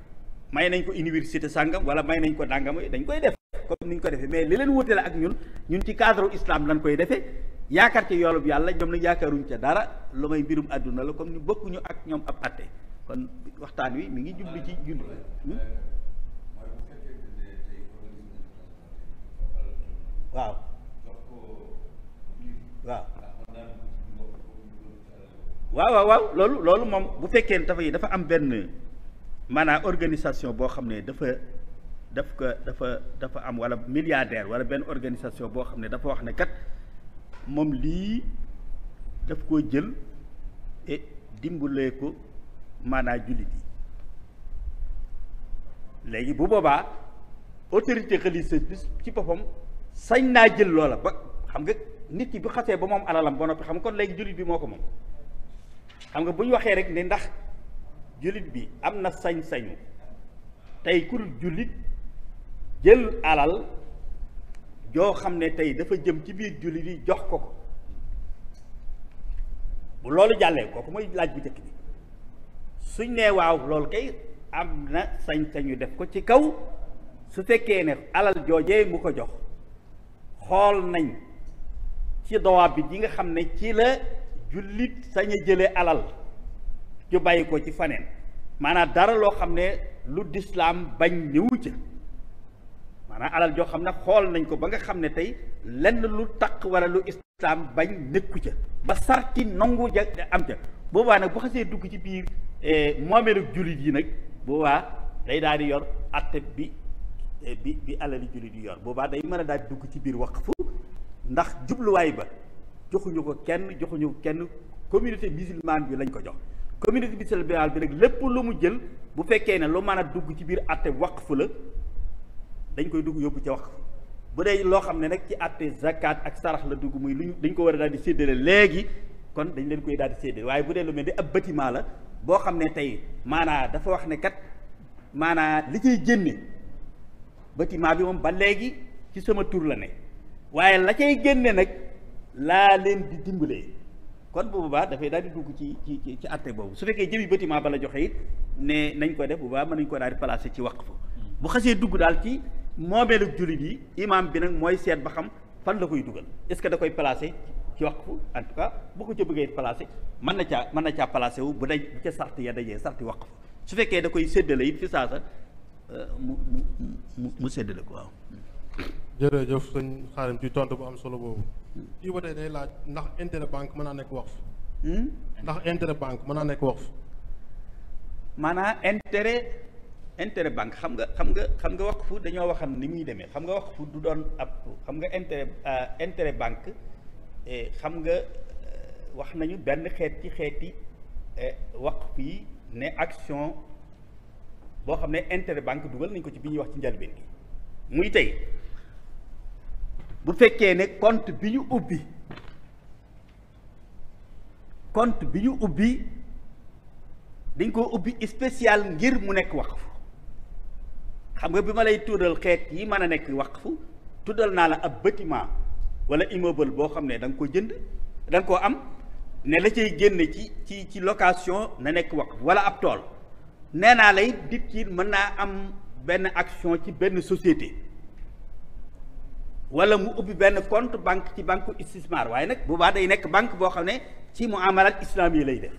may nañ ko université sàngam wala may nañ ko dàngam dañ koy def comme ñu ko defee mais li leen wutale ak ñun ñun ci cadre islam lañ koy defee yaakaar ci bu yàlla ñoom nag yaakaaruñ ca dara lu may mbirum àdduna la comme ni bokkuñu ak ñoom ab atte kon waxtaan wi mu ngi jublu ci jublu hmm? waaw waaw waaw waaw loolu loolu moom bu fekkee dafa yi dafa am benn maanaam organisation boo xam ne dafa daf ko dafa dafa am wala milliardaire wala benn organisation boo xam ne dafa wax ne kat moom lii daf koo jël et dimbalee ko maanaa jullit yi léegi bu boobaa autorité religieuse bi ci boppam sañ naa jël loola ba xam nga nit ki bu xasee ba moom alalam ba noppi xam nga kon léegi jullit bi moo ko moom xam nga bu ñu waxee rek ne ndax jullit bi am na sañ-sañu tey ku dul jullit jël alal joo xam ne tey dafa jëm ci biir jullit yi jox ko ko bu loolu jàllee kooku mooy laaj bu njëkk bi suñ nee waaw loolu kay am na sañ-sañu def ko ci kaw su fekkee ne alal joojee mu ko jox xool nañ ci dowaab bi di nga xam ne ci la jullit sañ jële alal ju bàyyi ko ci faneen maanaam dara loo xam ne lu dislaam bañ ñëwu ca maanaam alal joo xam ne xool nañ ko ba nga xam ne tey lenn lu taq wala lu islaam bañ nekku ca ba sarti nangu ja am ca boobaa nag bu xasee dugg ci biir eh, moomeelu jullit yi nag boobaa day daal di yor atte bi eh, bi bi alali jullit yi yor boobaa day mën a daal dugg ci biir wax waqfu ndax jubluwaay ba joxuñu ko kenn joxuñu ko kenn communauté musulmane bi lañ ko jox communauté bilatérale bi nag lépp lu mu jël bu fekkee ne lu mën a dugg ci biir àtte fu la dañ koy dugg yóbbu ca waqf bu dee loo xam ne nag ci àtte zakat ak sarax la dugg muy luñ dañ ko war a daal di séddale léegi kon dañ leen koy daal di séddale waaye bu dee lu mel ni ab bâtiment la boo xam ne tey maanaa dafa wax ne kat maanaa li cay génne bâtiment bi moom ba léegi ci sama tur la ne waaye la koy génne nag laa leen di dimbalee kon bu boobaa dafay daal di dugg ci ci ci atte boobu su fekkee jëmi bâtiment bala joxe it ne nañ ko def bu boobaa mën nañ ko daal di placer ci waqf bu xasee dugg daal ci moomeelu jullit yi imaam bi nag mooy seet ba xam fan la koy dugal est-ce que da koy placer ci waqf en tout bu ko ca bëggee placer mën na caa mën na caa placer wu bu daj bu ca sart ya dajee sarti waqf su fekkee da koy séddale it fi saasa euh, mu mu mu séddale ko waaw. jërëjëf sëñ xaarim ci tontu bu solo boobu. kii wootee day laaj ndax intérêt banque mën naa nekk waqf. Hmm? ndax intérêt banque mën naa nekk waqf. maanaam intérêt intérêt banque xam nga xam nga xam nga waqfu dañoo waxam ni muy demee xam nga waqfu du doon ab xam nga intérêt euh, intérêt banque eh, xam nga euh, wax nañu benn xeet ci xeeti eh, waqf yi ne action boo xam ne intérêt banque dugal nañ ko ci bi ñuy wax ci njëlbeen gi muy tey. bu fekkee ne compte bi ñu ubbi compte bi ñu ubbi dañ koo ubbi spécial ngir mu nekk waqf xam nga bi ma lay tuddal xeet yi mën a nekk waqf tuddal naa la ab bâtiment wala immeuble boo xam ne danga ko jënd danga nga koo am ne la cay génn ci ci ci location na nekk waqf wala ab tool nee naa lay dit kii mën naa am benn action ci benn société wala mu ubbi benn compte banque ci banque istismar waaye nag boobaa day nekk banque boo xam ne ci muamalat islam yi lay def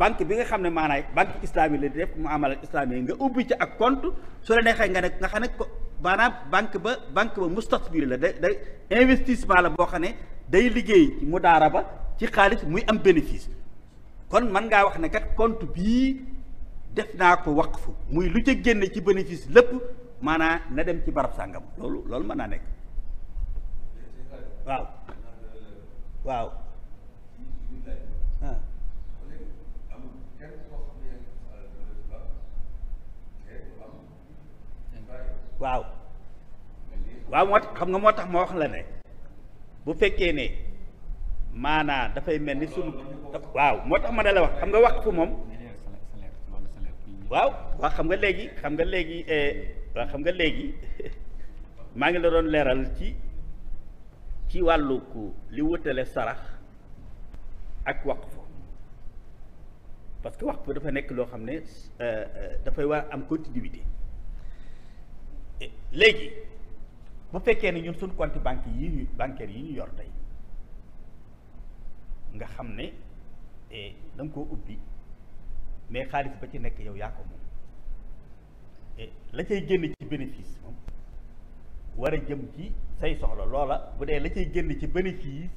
banque bi nga xam ne maanaay banque islam yi lay def muamalat islam yi nga ubbi ci ak compte su la neexee nga ne nga xam ne ko maanaam banque ba banque ba mustasbir la day da investissement la boo xam ne day liggéey mu daara ba ci xaalis muy am bénéfice kon man ngaa wax ne kat compte bii def naa ko wax fu muy lu ca génn ci bénéfice lépp maanaam na dem ci barab sàngam loolu loolu mën naa nekk waaw waaw ah waaw waaw moo xam nga moo tax ma wax la ne bu fekkee ne maanaa dafay mel ni sunu waaw moo tax ma da la wax xam nga wax fu moom waaw waaw xam nga léegi xam nga léegi eh, waaw xam nga léegi maa ngi la doon leeral ci ci wàllu ko li wutale sarax ak waqf parce que waqf dafa nekk loo xam ne euh, euh, dafay war am continuité léegi bu fekkee ne ñun suñ compte banque yi ñu bancaire yi ñu yor tey nga xam ne eh, da nga koo ubbi mais xaalis ba ci nekk yow yaa ko moom la koy génn ci bénéfice moom war a jëm ci say soxla loola bu dee la cay génn ci bénéfice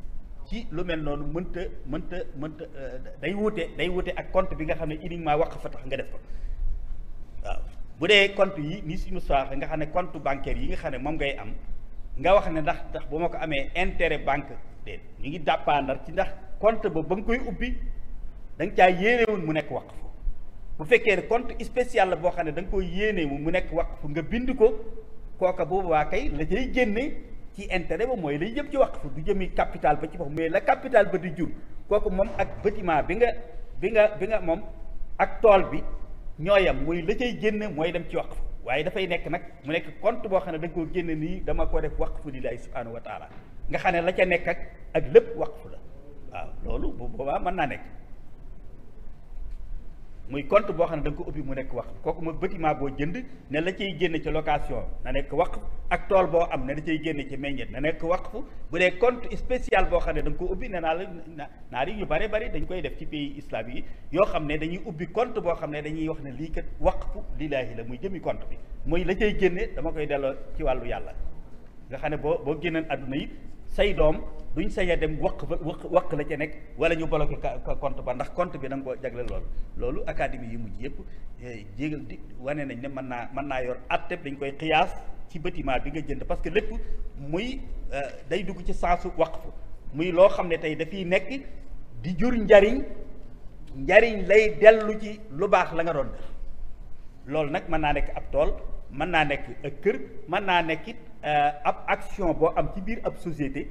ci lu mel noonu mënta mënta mënta euh, day wuute day wuute ak compte bi nga xam ne uniquement waqf fa tax nga def ko waaw bu dee compte yi ni suñu soxla nga xam ne compte bancaire yi nga xam ne moom ngay am nga wax ne ndax tax bu ma ko amee intérêt banque déet mu ngi dàppaandar ci ndax compte ba ba nga koy ubbi danga nga caa yéenewul mu nekk waqf bu fekkee ne compte spécial la boo xam ne da nga koy yéene mu mu nekk waqf nga bind ko kooka boobu waa kay la cay génne ci intérêt ba mooy lay jëm ci waqf du jëmi capital ba ci bopp mais la capital ba di jur kooku moom ak bâtiment bi nga bi nga bi nga moom ak tool bi ñooyam mooy la cay génn mooy dem ci waqf waaye dafay nekk nag mu nekk compte boo xam ne da koo génne nii dama ko def waqfu lillahi subhanahu wa taala nga xam ne la ca nekk ak ak lépp waqf la waaw loolu bu boobaa mën naa nekk muy compte boo xam ne da nga ko ubbi mu nekk wax kooku mooy bâtiment boo jënd ne la cay génn ci location na nekk wax ak tool boo am ne da cay génn ci meññeet na nekk wax ko bu dee compte spécial boo xam ne danga nga ko ubbi ne naa la naari yi yu bare bari dañ koy def ci pays islam yi yoo xam ne dañuy ubbi compte boo xam ne dañuy wax ne lii kat waqf lillaahi la muy jëmi compte bi mooy la cay génne dama koy delloo ci wàllu yàlla nga xam ne boo boo génneen àdduna yi say doom duñ sañ a dem waq ba waq waq la ca nekk wala ñu bloqué compte ba ndax compte bi da nga koo jagle loolu loolu académie yi mu mujj yëpp eh, jégal di wane nañ ne mën naa mën naa yor atteb dañ koy xiyaas ci bâtiment bi nga jënd parce que lépp muy eh, day dugg ci sensu waqf muy loo xam ne tey dafiy nekk di jur njariñ njariñ lay dellu ci lu baax la nga doon def loolu nag mën naa nekk ab tool mën naa nekk kër mën naa nekk it eh, ab action boo am ci biir ab société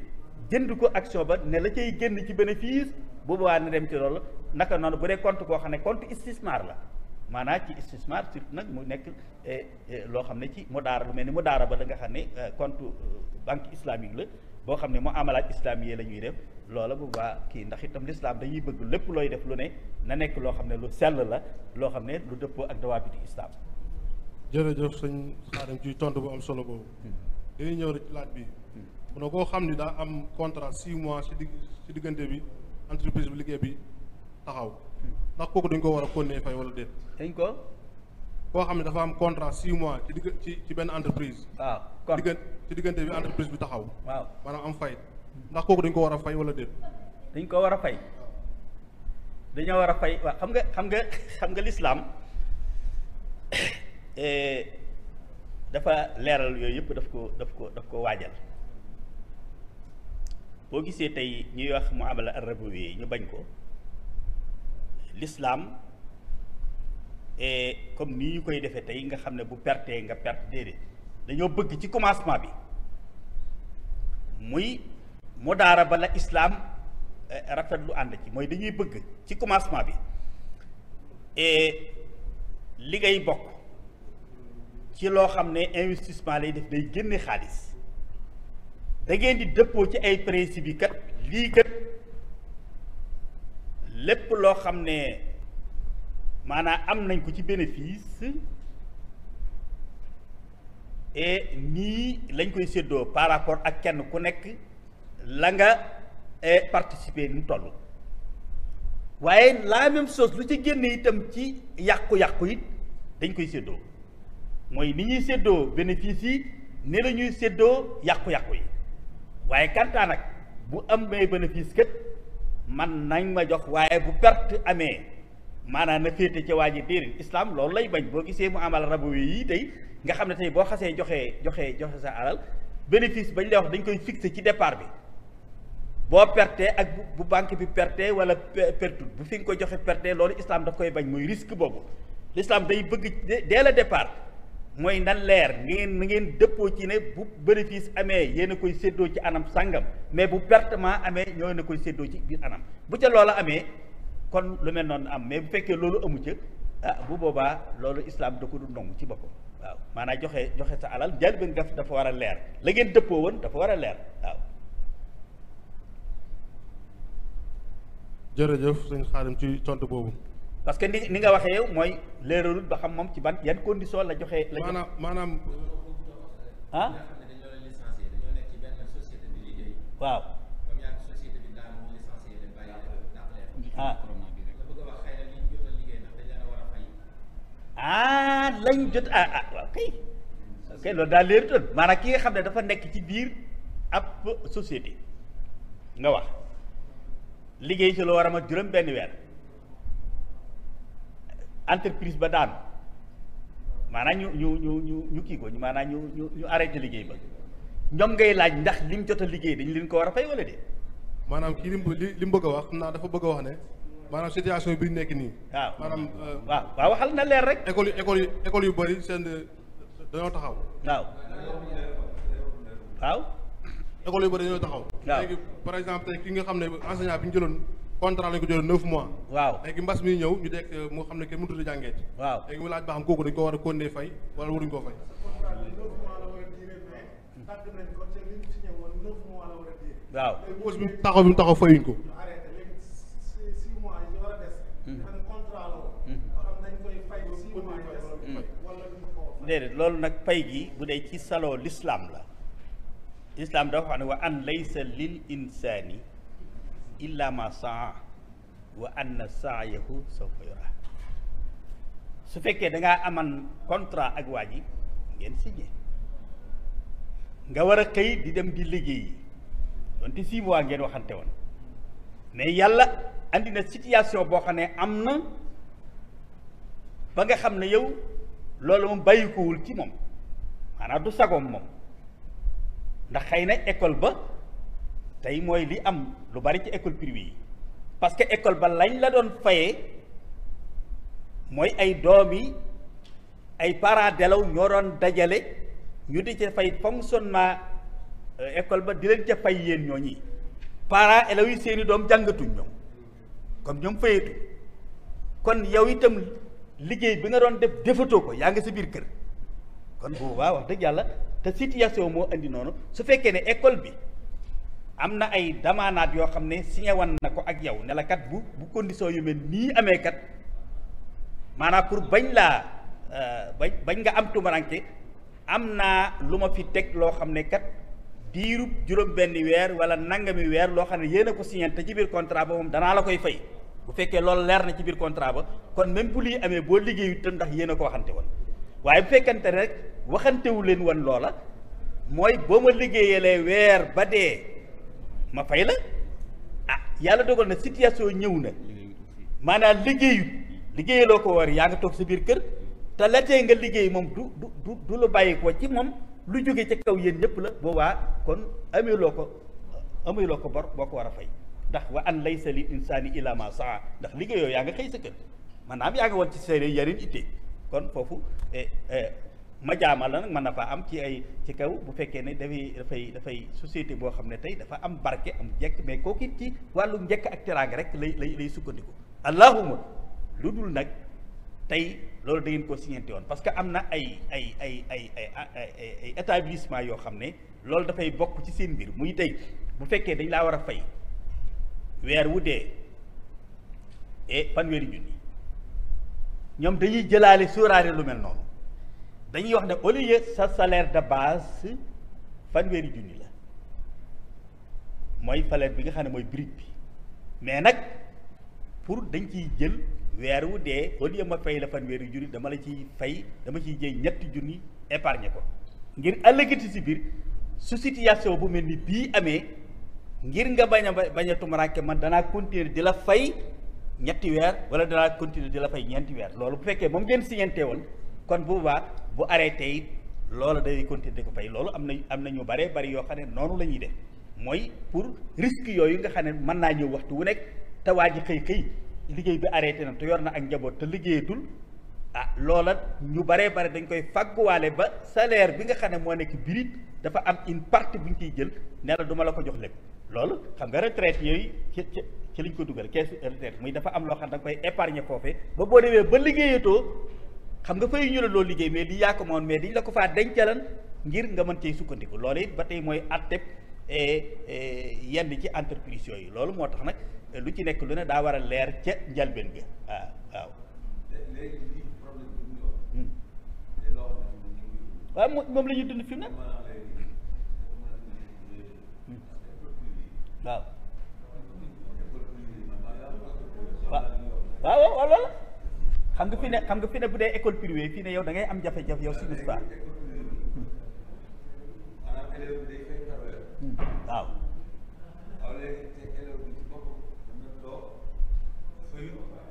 jënd ko action ba ne la cay génn ci bénéfice bu boobaa na dem ci loolu naka noonu bu dee compte koo xam ne compte istismar la maanaam ci istismar surtout nag mu nekk eh, eh, loo xam ne ci mu daara lu mel ni mu daara ba danga xam ne eh, conte banque islamique la boo xam ne mu amalaat islamique la ñuy def loola bu baa kii ndax itam l'islam dañuy bëgg lépp looy def lu ne na nekk loo xam ne lu sell la loo xam ne lu dëppoo ak dawaa bi di islam jërëjëf sëñ Xaadim ci tontu bu am solo boobu hmm. dañuy ñëw rek bi hmm. mu koo xam ni daa am contrat six mois si digg si diggante bi entreprise bi liggéey bi taxaw ndax kooku dañ ko war a continuer fay walla déet. dañ ko. koo xam ne dafa am contrat six mois ci ci benn entreprise. waaw ah, ci diggante bi entreprise bi taxaw. waaw maanaam am fay. ndax kooku dañ ko war a fay wala déet. dañ ko war a fay. dañoo war a fay xam nga xam nga xam nga lislaam eh, dafa leeral yooyu yëpp daf ko daf ko daf ko waajal. boo gisee tey ñuy wax mu amala yi ñu bañ ko l'islam comme nii ñu koy defee tey nga xam ne bu perte nga perte déedéet dañoo bëgg ci commencement bi muy modaara ba la islaam eh, rafet lu ànd ci mooy dañuy bëgg ci commencement bi li ngay bokk ci loo xam ne investissement lay def day génne xaalis da ngeen di dëppoo ci ay principe yi kat lii kat lépp loo xam ne maanaa am nañ ko ci bénéfice e nii lañ koy séddoo par rapport ak kenn ku nekk la nga e, participer nu toll waaye la même lu ci génn itam ci yàqu-yàqu it dañ koy séddoo mooy ni ñuy seddoo bénéfice yi ni lañuy seddoo yàqu-yàqu yi waaye kantaa nag bu am may bénéfice kët man nañ ma jox waaye bu perte amee maanaan na féete ca waa ji déedéet islam loolu lay bañ boo gisee mu amal rabo yi tey nga xam ne tey boo xasee joxe joxe joxe sa alal bénéfice bañ lay wax dañ koy fixé ci départ bi boo perte ak bu banque bi pertee wala pertut bu fi nga ko joxe pertee loolu islam daf koy bañ muy risque boobu l'islam day bëgg dès le départ mooy nan leer ngeen na ngeen dëppoo ci ne bu bénéfice amee yéen a koy séddoo ci anam sàngam mais bu bertement amee ñoo ne koy séddoo ci biir anam bu ca loola amee kon lu mel noonu am mais bu fekkee loolu amu ca ah bu boobaa loolu islaam da ko du nangu ci boppam waaw maanaam joxe joxe sa alal njël bi def dafa war a leer la ngeen dëppoo woon dafa war a leer waaw jërëjëf sëñ Xaadim ci tontu boobu parce que ni ni nga waxee yow mooy leeralul ba xam moom ci ban yan condition la joxe. la joxe maanaam maanaam. ah. ah. ah lañ jot ah ah waaw kay. loolu daal leer doon maanaam ki nga xam ne dafa nekk ci biir ab société nga wax liggéey ci lu war a mat juróom benn weer. entreprise ba daanu maanaam ñu ñu ñu ñu ñu kii ko maanaam ñu ñu ñu arrêté liggéey ba ñoom ngay laaj ndax liñ jot a liggéey dañ leen ko war a fay wala de. maanaam kii li li mu bëgg a wax xam naa dafa bëgg a wax ne maanaam situation bi ñu nekk nii. waaw maanaam. Euh, waaw waaw waxal na leer rek. école école yu école yu bëri seen dañoo taxaw. waaw. waaw. école yu bëri dañoo taxaw. waaw par exemple tey ki nga xam ne enseignant bi ñu jëloon. contrat lañ ko joxe neuf mois. waaw mbas mi ñëw ñu dekk moo xam ne kenn mënut a jàngee. waaw léegi xam kooku dañ ko war a continuer fay wala waruñ koo waaw pause bi mu taxaw bi mu ko. loolu nag pay gi bu dee ci saloo lislaam la. islam dafa wax ne wa an laysa lil insaani illa ma saa wa anna saayahu sawfa yura su fekkee dangaa aman contrat ak waa ji ngeen signé nga war a xëy di dem di liggéey yi donte six mois ngeen waxante woon mais yàlla andi na situation boo xam ne am na ba nga xam ne yow loolu moom bàyyikowul ci moom maanaam du sagoom moom ndax xëy na école ba tey mooy li am lu bari ci école privée yi parce que école ba lañ la doon fayee mooy ay doom yi ay parent delaw ñoo doon dajale ñu di ca fay fonctionnement euh, école ba di leen ca fay yéen ñoo ñi parents élèves yi seeni doom jàngatuñ ñoom comme ñoom fayatu kon yow itam liggéey bi nga doon def defatoo ko yaa ngi sa biir kër kon boobu waa wax dëgg yàlla te situation moo indi noonu su fekkee ne école bi am na ay damaanaat yoo xam ne signé wan na ko ak yow ne kat bu bu condition yu mel nii amee kat maanaam pour bañ laa euh, bañ bañ nga am tumaranke am naa lu ma fi teg loo xam ne kat diirub juróom-benni weer wala nangami weer loo xam ne yéen ko signé te ci biir contrat ba moom danaa la koy fay bu fekkee loolu leer na ci biir contrat ba kon même bu lii amee boo liggéeyu te ndax yéen a ko waxante woon waaye bu fekkente rek waxantewu leen wan loola mooy boo ma liggéeyalee weer ba dee. ma fay la ah yàlla dogal na situation ñëw na maanaam liggéeyu liggéeyaloo ko war yaa nga toog sa biir kër te la tee nga liggéey moom du du du du lu bàyyi ko ci moom lu jóge ca kaw yéen ñëpp la boobaa kon amuloo ko amuloo ko bor boo ko war a fay ndax wa an laysa lil insaani illa ma saa ndax liggéeyoo yaa nga xëy sa kër am yaa nga woon ci seere yarin ittee kon foofu eh, eh, ma jaamal la nag mën na fa am ci ay ci kaw bu fekkee ne dafay dafay dafay société boo xam ne tey dafa am barke am njëkk mais kooku it ci wàllu njëkk ak teraanga rek lay lay sukkandiku allahuma lu dul nag tey loolu da ngeen ko signanté woon parce que am na ay ay ay ay ay établissement yoo xam ne loolu dafay bokk ci seen mbir muy tey bu fekkee dañ laa war a fay weer wu dee et fanweeri junni ñoom dañuy jëlaale sóoraale lu mel noonu dañuy wax ne au lieu sa salaire de base fanweeri junni la mooy salaire bi nga xam ne mooy brique bi mais nag pour dañ ciy jël weer wu dee au lieu ma fay la fanweeri junni dama la ciy fay dama ciy jëy ñetti junni épargne ko ngir ëllëgati si biir su situation bu mel ni bii amee ngir nga bañ a bañ a tumuraanke man danaa continuer di la fay ñetti weer wala danaa continuer di la fay ñeenti weer loolu bu fekkee moom ngeen siñante woon kon bu boobaa bu arrêté it loolu day continuer di ko fay loolu am na am na ñu bare bari yoo xam ne noonu la ñuy def mooy pour risque yooyu nga xam ne mën naa ñëw waxtu wu nekk te waa ji xëy xëy liggéey bi arrêté na te yor na ak njaboot te liggéeyatul ah loola ñu baree bare dañ koy fagguwaale ba salaire bi nga xam ne moo nekk birit dafa am une partie bu ñu ciy jël ne la du la ko jox lépp loolu xam nga retraite yooyu ci ci lañ ko dugal caisse retraite muy dafa am loo xam ne da koy épargner foofee ba boo demee ba liggéeyatoo xam nga fay ñu la loolu liggéey mais di yaa ko moom mais di la ko faa dencalan ngir nga mën cee sukkandiku loolu it ba tey mooy atteb eh, eh, yenn ci entreprise yooyu loolu moo tax nag eh, lu ci nekk lu ne daa war a leer ca njalbeen bi waaw waaw. waaw. waaw waaw loolu. xam nga fi ne xam nga fi ne bu dee école privée fii ne yow da am jafe-jafe yow si ISPA. waaw.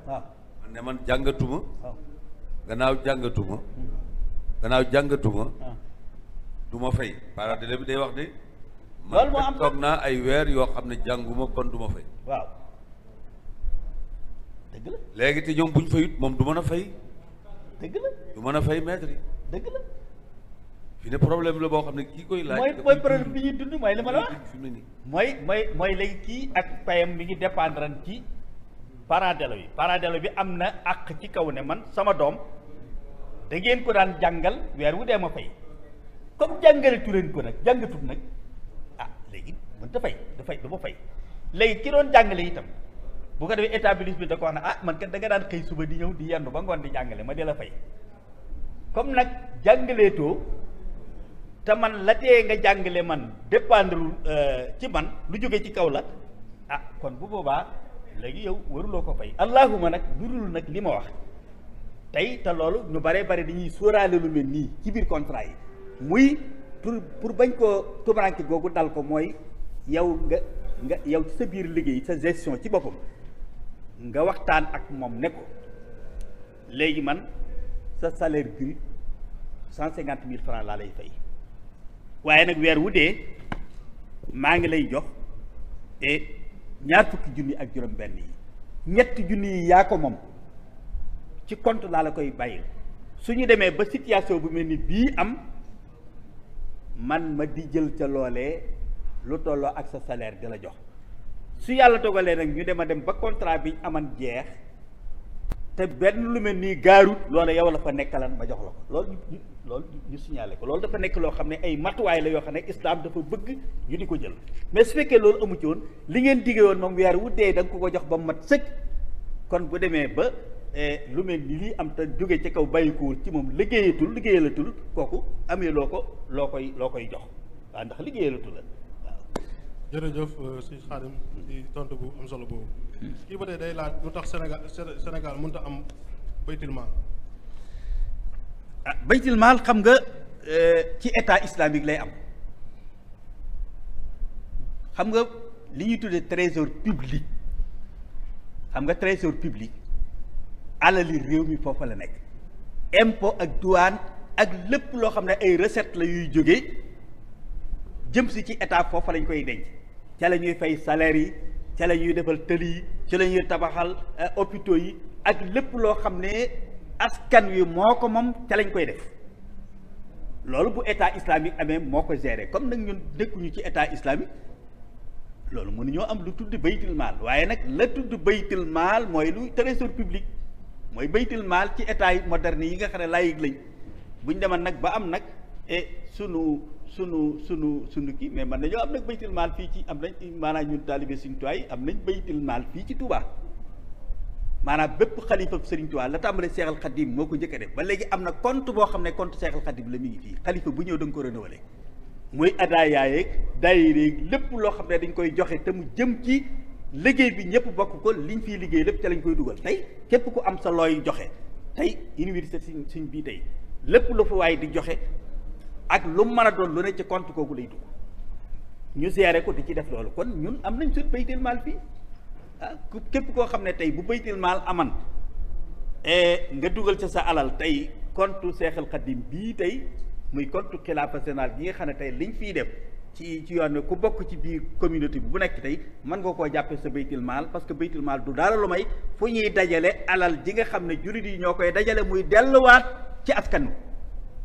waaw. ne man jàngatuma. gannaaw jàngatuma. Hmm. gannaaw jàngatuma. Ah. du ma fay parent d'élève bi day wax de. man toog naa ay weer yoo xam ne jànguma kon du ma dëgg la léegi te ñoom buñ ñu moom du mën a fay. dëgg la du mën a fay maître yi. dëgg la. fi ne problème la boo xam ne kii koy laaj. mooy mooy problème bi ñuy dund mooy li ma la wax. mooy mooy mooy léegi kii ak payam mi ngi dépendre ci parent d'élève yi parent d'élève bi am na àq ci kaw ne man sama doom da ngeen ko daan jàngal weer wu dee ma fay comme jàngaletu leen ko nag jàngatut nag ah léegi mën ta fay dafay du ma fay léegi ki doon jàngale itam. bu ko demee établissement bi da ko wax ne ah man kat da daan xëy suba di ñëw di yendu ba ngoon di jàngale ma di la fay comme nag jàngaleetoo te man la tee nga jàngale man dépendre euh, ci man lu jóge ci kaw la ah kon bu boobaa léegi yow waruloo ko fay allahuma nag lu dul nag li ma wax tey te loolu ñu baree bari dañuy sóoraale lu mel nii ci biir contrat yi muy pour pour bañ koo tubaranke googu dal ko mooy yow nga nga yow ci sa biir liggéey sa gestion ci boppam nga waxtaan ak moom ne ko léegi man sa salaire brut cent cinquante mille francs laa lay fay waaye nag weer wu dee maa ngi lay jox et eh, ñaar fukki junni ak juróom benn yi ñetti junni yi yaa ko moom ci compte laa la koy bàyyil su ñu demee ba situation bu mel ni bii am man ma di jël ca loolee lu tolloo ak sa salaire di la jox su yàlla dogalee nag ñu dem a dem ba contrat bi ñu aman jeex te benn lu mel nii gaaru loola yow la fa nekkalan ma jox la ko loolu ñu signalé ko loolu dafa nekk loo xam ne ay matuwaay la yoo xam ne islam dafa bëgg ñu di ko jël mais su fekkee loolu amu ci woon li ngeen digge woon moom weer wu dee danga ko ko jox ba mat sëkk kon bu demee ba eh, lu mel ni lii am te jóge ci kaw bàyyikuwul ci moom liggéeyatul liggéeyalatul kooku amee loo ko loo koy loo koy jox waaw ndax liggéeyalatul jërëjëf euh, si Xaadim di tontu bu am solo boobu. Hmm. kii ba tey day laaj lu tax Sénégal Sénégal mënut a am baytil maal. ah baytil xam nga euh, ci état islamique lay am xam nga li ñuy tuddee trésor public xam nga trésor public alali réew mi foofa la nekk impôt ak duwaan ak lépp loo xam ne ay recette la yuy jóge jëm si ci état foofu lañ koy denc ca la ñuy fay salaire yi ca la ñuy defal tëli yi ca la tabaxal euh, hôpitaux yi ak lépp loo xam ne askan wi moo ko moom ca lañ koy def loolu bu état islamique amee moo ko géré comme nag ñun dëkkuñu ci état islamique loolu mënuñoo am lu tudd baytil maal waaye nag la tudd baytil maal mooy lu trésor public mooy baytil maal ci état yi moderne yi nga xam ne laïque lañ bu ñu demoon nag ba am nag eh, sunu. sunu sunu sunu kii mais man nañoo am nag baytil maal fii ci am na nañ maanaa ñun taalibe Sëriñ Tuubaa yi am nañ baytil maal fii ci Touba maanaam bépp xalifa Sëriñ Tuubaa la tàmbali Seexal Xadim moo ko njëkk a def ba léegi am na compte boo xam ne compte Seexal Xadim la mi ngi fii xalifa bu ñëw da nga ko renouvelé muy adaayaa yeeg daayira lépp loo xam ne dañ koy joxe te mu jëm ci liggéey bi ñëpp bokk ko liñ fiy liggéey lépp ca lañ koy dugal tey képp ku am sa joxe tey université suñ suñ bii tey lépp lu fa waaye di joxe ak lu mu mën a doon lu ne ci lay dugg ñu gérer ko di ci def loolu kon ñun am nañ suñ baytil maal fii ah képp koo xam ne tey bu baytil maal aman eh, nga dugal ca sa alal tey compte Seexal Xadim bii tey muy compte xilaafa général gi nga xam ne tey liñ fiy def ci ci yoon ku bokk ci biir communauté bi bu nekk tey mën nga koo jàppee sa baytil maal parce que baytil maal du dara lu may fu ñuy dajale alal ji nga xam ne jullit yi ñoo koy dajale muy delluwaat ci askan wi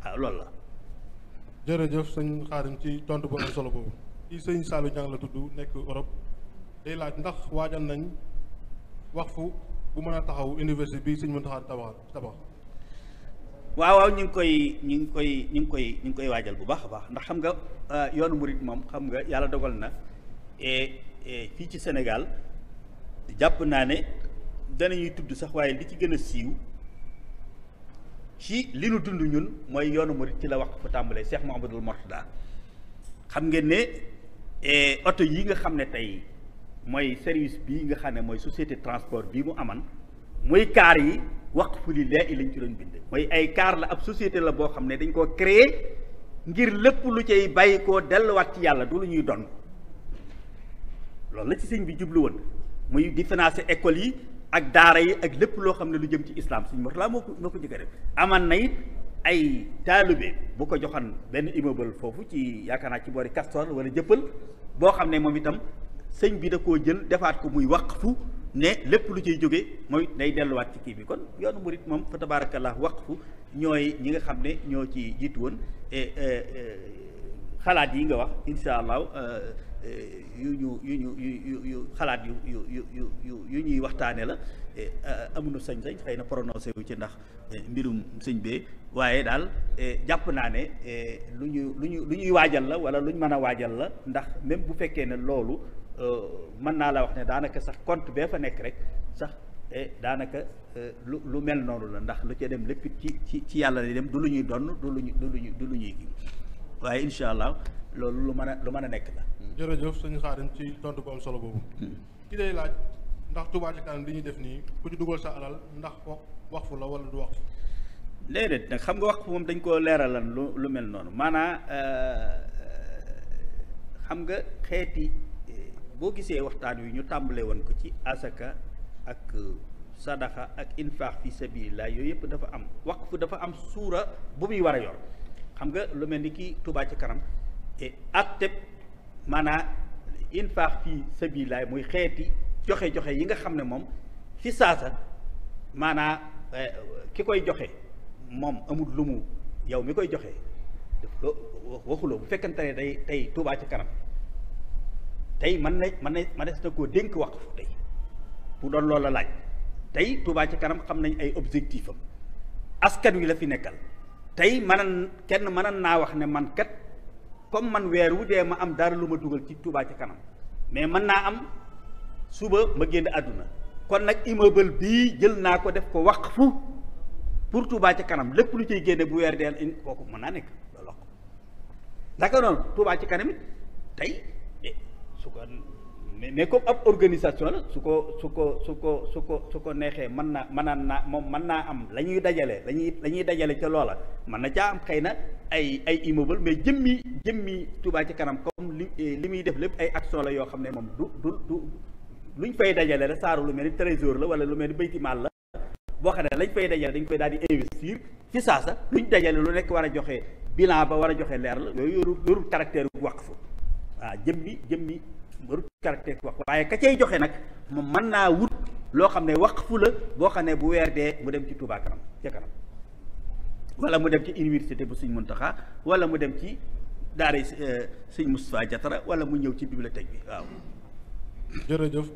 waaw loolu la jërëjëf sëñ Xaadim ci tontu bu solo boobu ci sëñ Saalu Ñang la tudd nekk Europe day laaj ndax waajal nañ waqfu bu mën a taxaw université bi sëñ Muntaxa tabax tabax waaw waaw ñu ngi koy ñu ngi koy ñu ngi koy ñu ngi koy waajal bu baax a baax ndax xam nga uh, yoonu murit moom xam nga yàlla dogal na e, e, fii ci senegal jàpp naa ne ñuy tudd sax waaye li ci gën a siiw ci li nu dund ñun mooy yoonu murit ci la wax fu tàmbalee Cheikh Mouhamadoul Mourtada xam ngeen ne eh, oto yi nga xam ne tey mooy service bii nga xam ne mooy societé transport bii mu aman mooy kaar yi waqfu lillaahi lañ ci doon bind mooy ay kaar la ab société la boo xam ne dañ koo créer ngir lépp lu cay bàyyi koo delluwaat ci yàlla du lu ñuy don loolu la ci sëñ bi jublu muy di école yi ak daara yi ak lépp loo xam ne lu jëm ci islaam suñ Murtala moo ko moo ko njëkk aman na it ay taalibe bu ko joxan benn immeuble foofu ci yaakaar naa ci boori Castor wala jëppal boo xam ne moom itam sëñ bi da koo jël defaat ko muy waqfu ne lépp lu ciy jóge mooy day delluwaat ci kii bi kon yoonu murit moom fa wax waqfu ñooy ñi nga xam ne ñoo ci jiitu woon euh, euh, xalaat yi nga wax insha allah euh, Eh, yu ñu yu ñu yu yu xalaat yu yu yu yu yu ñuy waxtaane la eh, eh, amuñu sañ-sañ xëy na prononcé ci ndax mbirum sëñ bee waaye daal jàpp naa ne lu ñu lu ñu lu ñuy waajal la wala lu mën a waajal la ndax même bu fekkee ne loolu euh, mën naa la wax ne daanaka sax compte bee fa nekk rek sax daanaka euh, lu lu mel noonu la ndax lu ca dem lépp ci ci ci yàlla lay dem du lu ñuy donn du lu ñuy kii waaye incha allah loolu lu mën a lu mën a nekk la jërëjëf sëñ Xaadim ci tontu bu am solo boobu. ki day laaj ndax Touba Ca Kanam li ñuy def nii ku ci dugal sa alal ndax wax fu la wala du wax. déedéet nag xam nga wax dañ koo leeralal lu lu mel noonu maanaa euh, xam nga xeeti boo gisee waxtaan wi ñu tàmbalee woon ko ci asaka ak sadaxa ak infaq fi sabilillah yooyu yëpp dafa am waqfu dafa am suura bu muy war a yor xam nga lu mel ni kii Touba ci Kanam et acte maanaam infaq fii sabilillah muy xeeti joxe-joxe yi nga xam ne moom fi saasa maanaam eh, ki koy joxe moom amul lu mu yow mi koy joxe waxuloo bu fekkante ne day tey Tuubaa ci kanam tey mën na mën na mënees na koo dénk waqfu tey bu doon loolu la laaj tey Tuubaa ci kanam xam nañ ay objectif am askan wi la fi nekkal tey mënan kenn mënan naa wax ne man kat comme man weer wu dee ma am dara lu ma dugal ci Touba ci kanam mais mën naa am suba ma génn àdduna kon nag immeuble bii jël naa ko def ko fu pour Touba ci kanam lépp lu ciy génne bu weer deel in ko mën naa nekk loolu ko naka noonu Touba ci kanam it tey eh, su ko mais mais comme ab organisation la su ko su ko su ko su ko su ko neexee mën na mënaan naa moom mën naa am la ñuy dajale la ñuy dajale ca loola mën na caa am xëy na ay ay immeuble mais jëmmi jëmmi Touba ci kanam comme li eh, li muy def lépp ay action la yoo xam ne moom du du du ñu fay dajale rek saaru lu mel ni trésor la wala lu mel ni baytimaal la boo xam ne lañ fay dajale dañ koy daal di investir ci saasa luñ dajale lu nekk war a joxe bilan ba war a joxe leer la yooyu yoru yorul caractère waqfu waaw jëmmi jëmmi warut caractère wax waaye ka cay joxe nag moom mën naa wut loo xam ne waqfu la boo xam ne bu weer dee mu dem ci Touba kanam ca kanam wala mu dem ci université bu Sëñ Muntaxa wala mu dem ci daara eh, Sëñ Moustapha Diatara wala mu ñëw ci bibliothèque bi waaw.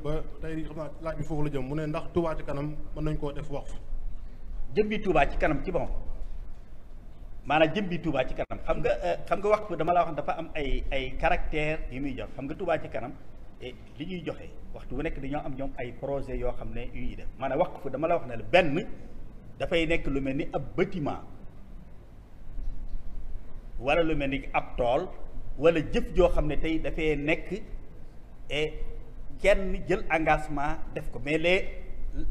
ba tey bi foofu la jëm mu ne ndax Touba ci kanam mën nañ koo def waqf. jëmbi Touba ci kanam ci bon maanaam jëmbi Touba ci kanam xam nga eh, xam nga waqf dama la wax dafa am ay ay caractère yu muy jox xam nga Touba ci kanam. li ñuy joxe waxtu wu nekk dañoo am ñoom ay projet yoo xam ne yu ñuy def maanaam wax fu dama la wax ne la benn dafay nekk lu mel ni ab bâtiment wala lu mel ni ab tool wala jëf joo xam ne tey dafay nekk et kenn jël engagement def ko mais lee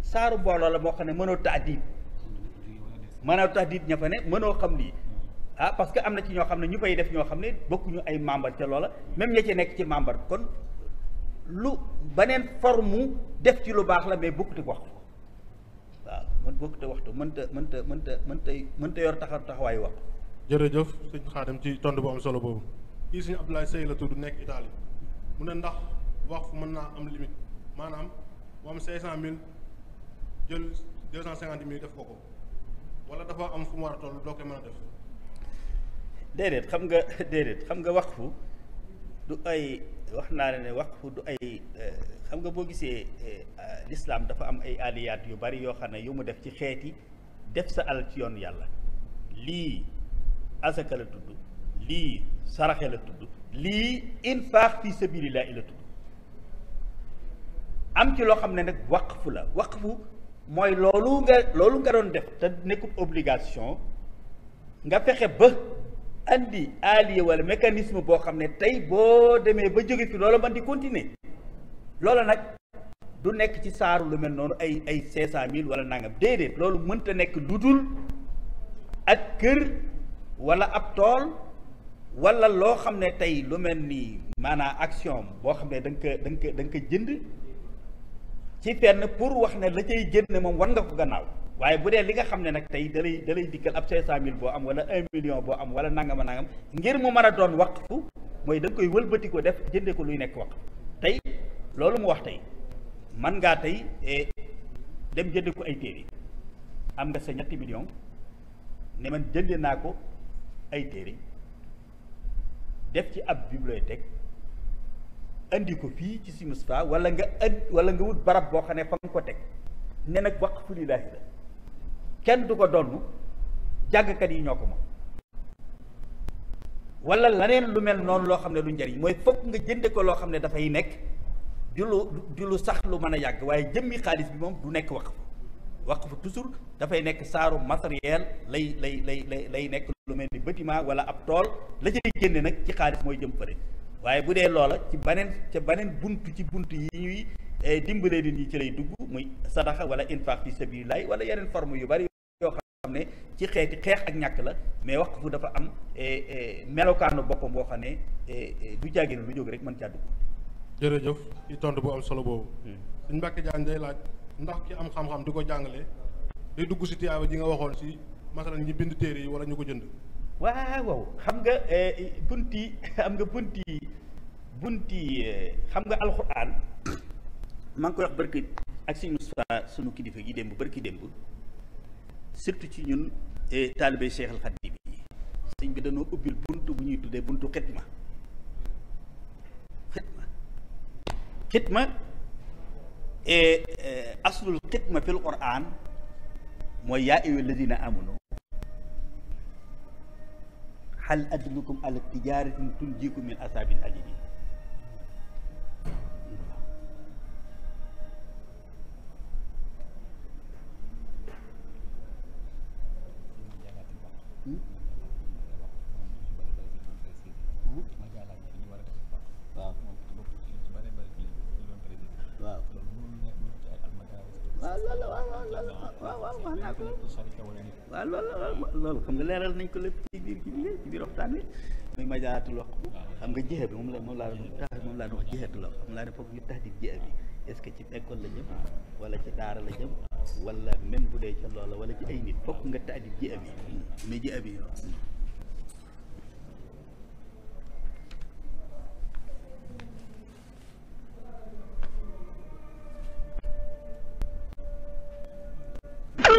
saaru mbooloo la moo xam ne mënoo taadib mënoo taadib ña fa ne mënoo xam lii ah parce que am na ci ñoo xam ne ñu fay def ñoo xam ne bokkuñu ay membre ca loola même ña ci nekk ci membre kon lu beneen forme def ci lu baax la mais bokkut wax waxtu waaw man bokkut ak waxtu mënta mënta mënta mënta mënta yor taxaw taxawaayu waxtu. jërëjëf sëñ Xaadim ci tontu bu am solo boobu kii sëñ Abdoulaye Seye la tudd nekk itaali mu ne ndax wax mën naa am limite maanaam mu am cinq cent mille jël deux cent cinquante mille def ko ko wala dafa am fu mu war a toll doo koy mën a def. déedéet xam nga déedéet xam nga waxtu du ay. wax naa ne ne waqfu du ay eh, xam nga boo gisee eh, ah, lislaam dafa am ay aliyaat yu bari yoo xam ne yu mu def ci xeeti def sa alal ci yoon yàlla lii asaka la tudd lii saraxe la tudd lii infaq fi sabilillahi la tudd am ci loo xam ne nag waqfu la waqfu mooy loolu nga loolu nga doon def te nekkul obligation nga fexe ba andi allié wala mécanisme boo xam ne tey boo demee ba jóge fi loola man di continuer loolu nag du nekk ci saaru lu mel noonu ay ay cinq cent mille wala nangam déedéet loolu mënta nekk lu dul ak kër wala ab tool wala loo xam ne tey lu mel ni maanaam action boo xam ne da nga ko da nga ko da nga ko jënd ci fenn pour wax ne la cay génn moom war nga ko gannaaw waaye bu dee li nga xam ne nag tey dalay dalay dikkal ab 500000 boo am wala 1 million boo am wala nangama nangam ngir mu mën a doon waqfu mooy da koy wëlbati ko def jënde ko luy nekk waqf tey loolu mu wax tey man ngaa tey eh, dem jënde ko ay téere am nga sa ñetti million ne man jënde naa ko ay téere def ci ab bibliothèque indi ko fii ci Simousfa wala nga ënd wala nga wut barab boo xam ne fa nga ko teg ne nag waqfu lillaahi la kenn du ko donn jàngkat yi ñoo ko moom wala leneen lu mel noonu loo xam ne lu njariñ mooy fokk nga jënde ko loo xam ne dafay nekk du lu sax lu mën a yàgg waaye jëmmi xaalis bi moom du nekk waqf waqf toujours dafay nekk saaru matériel lay lay lay lay lay nekk lu mel ni bâtiment wala ab tool la cay génne nag ci xaalis mooy jëm fëre waaye bu dee loola ci baneen ca baneen bunt ci bunt yi ñuy eh, dimbalee nit ñi ci lay dugg muy sadaxa wala infaq fi sabilillah wala yeneen forme yu bari xam ne ci xeeti xeex ak ñàkk la mais wax fu dafa am eh, eh, melokaanu boppam boo xam ne eh, du jàggee lu jóg rek man caa dugg. jërëjëf ci tontu bu am solo boobu. Hmm. suñ Mbàkke Jaañ day laaj ndax ki am xam-xam di ko jàngale day dugg si tiyaaba ji nga waxoon si masalan ñi bind téere yi wala ñu ko jënd. waaw waaw xam nga bunti xam nga bunti bunti xam nga alxuraan maa ngi koy wax barki ak suñu Mustafaa sunu kilifa gi démb barki démb. surtout ci ñun taalibe Cheikh al Xadim yi sëñ bi dañoo ubbil bunt bu ñuy tuddee buntu xitma xitma xitma euh, aslul xitma fil Qur'an mooy yaa ayyuha alladina amanu hal adlukum ala tijaratin tunjikum min asabin alimin wax naa ko waaw loolu loolu xam nga leeral nañ ko lépp ci biir ci biir ci biir waxtaan wi muy majaatul wax xam nga jeexe bi moom la moom laa doon moom laa doon wax jeexetul wax xam laa ne foofu li tax di jeex bi est-ce que ci école la jëm wala ci daara la jëm wala même bu dee ca la wala ci ay nit fokk nga tax di jeex bi mais jeex bi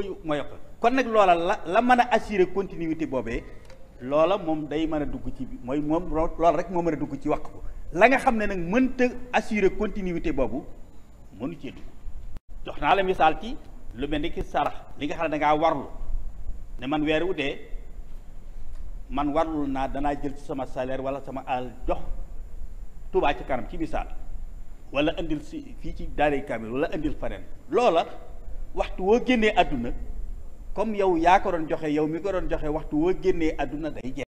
yokk ba ma yokk kon nag loola la la mën a assurer continuité boobee loola moom day mën a dugg ci mooy moom loola rek moo mën a dugg ci ko la nga xam ne nag mënta assurer continuité boobu mënu cee dugg jox naa la misaal ci lu mel ni ki sarax li nga xam ne da ngaa warlu ne man weer wu dee man warlul naa danaa jël ci sama salaire wala sama alal jox tubaa ci kanam ci misaal wala indil si fii ci daaray kaamil wala indil faneen loola waxtu woo génnee àdduna comme yow yaa ko doon joxe yow mi ko doon joxe waxtu woo génnee àdduna day jeex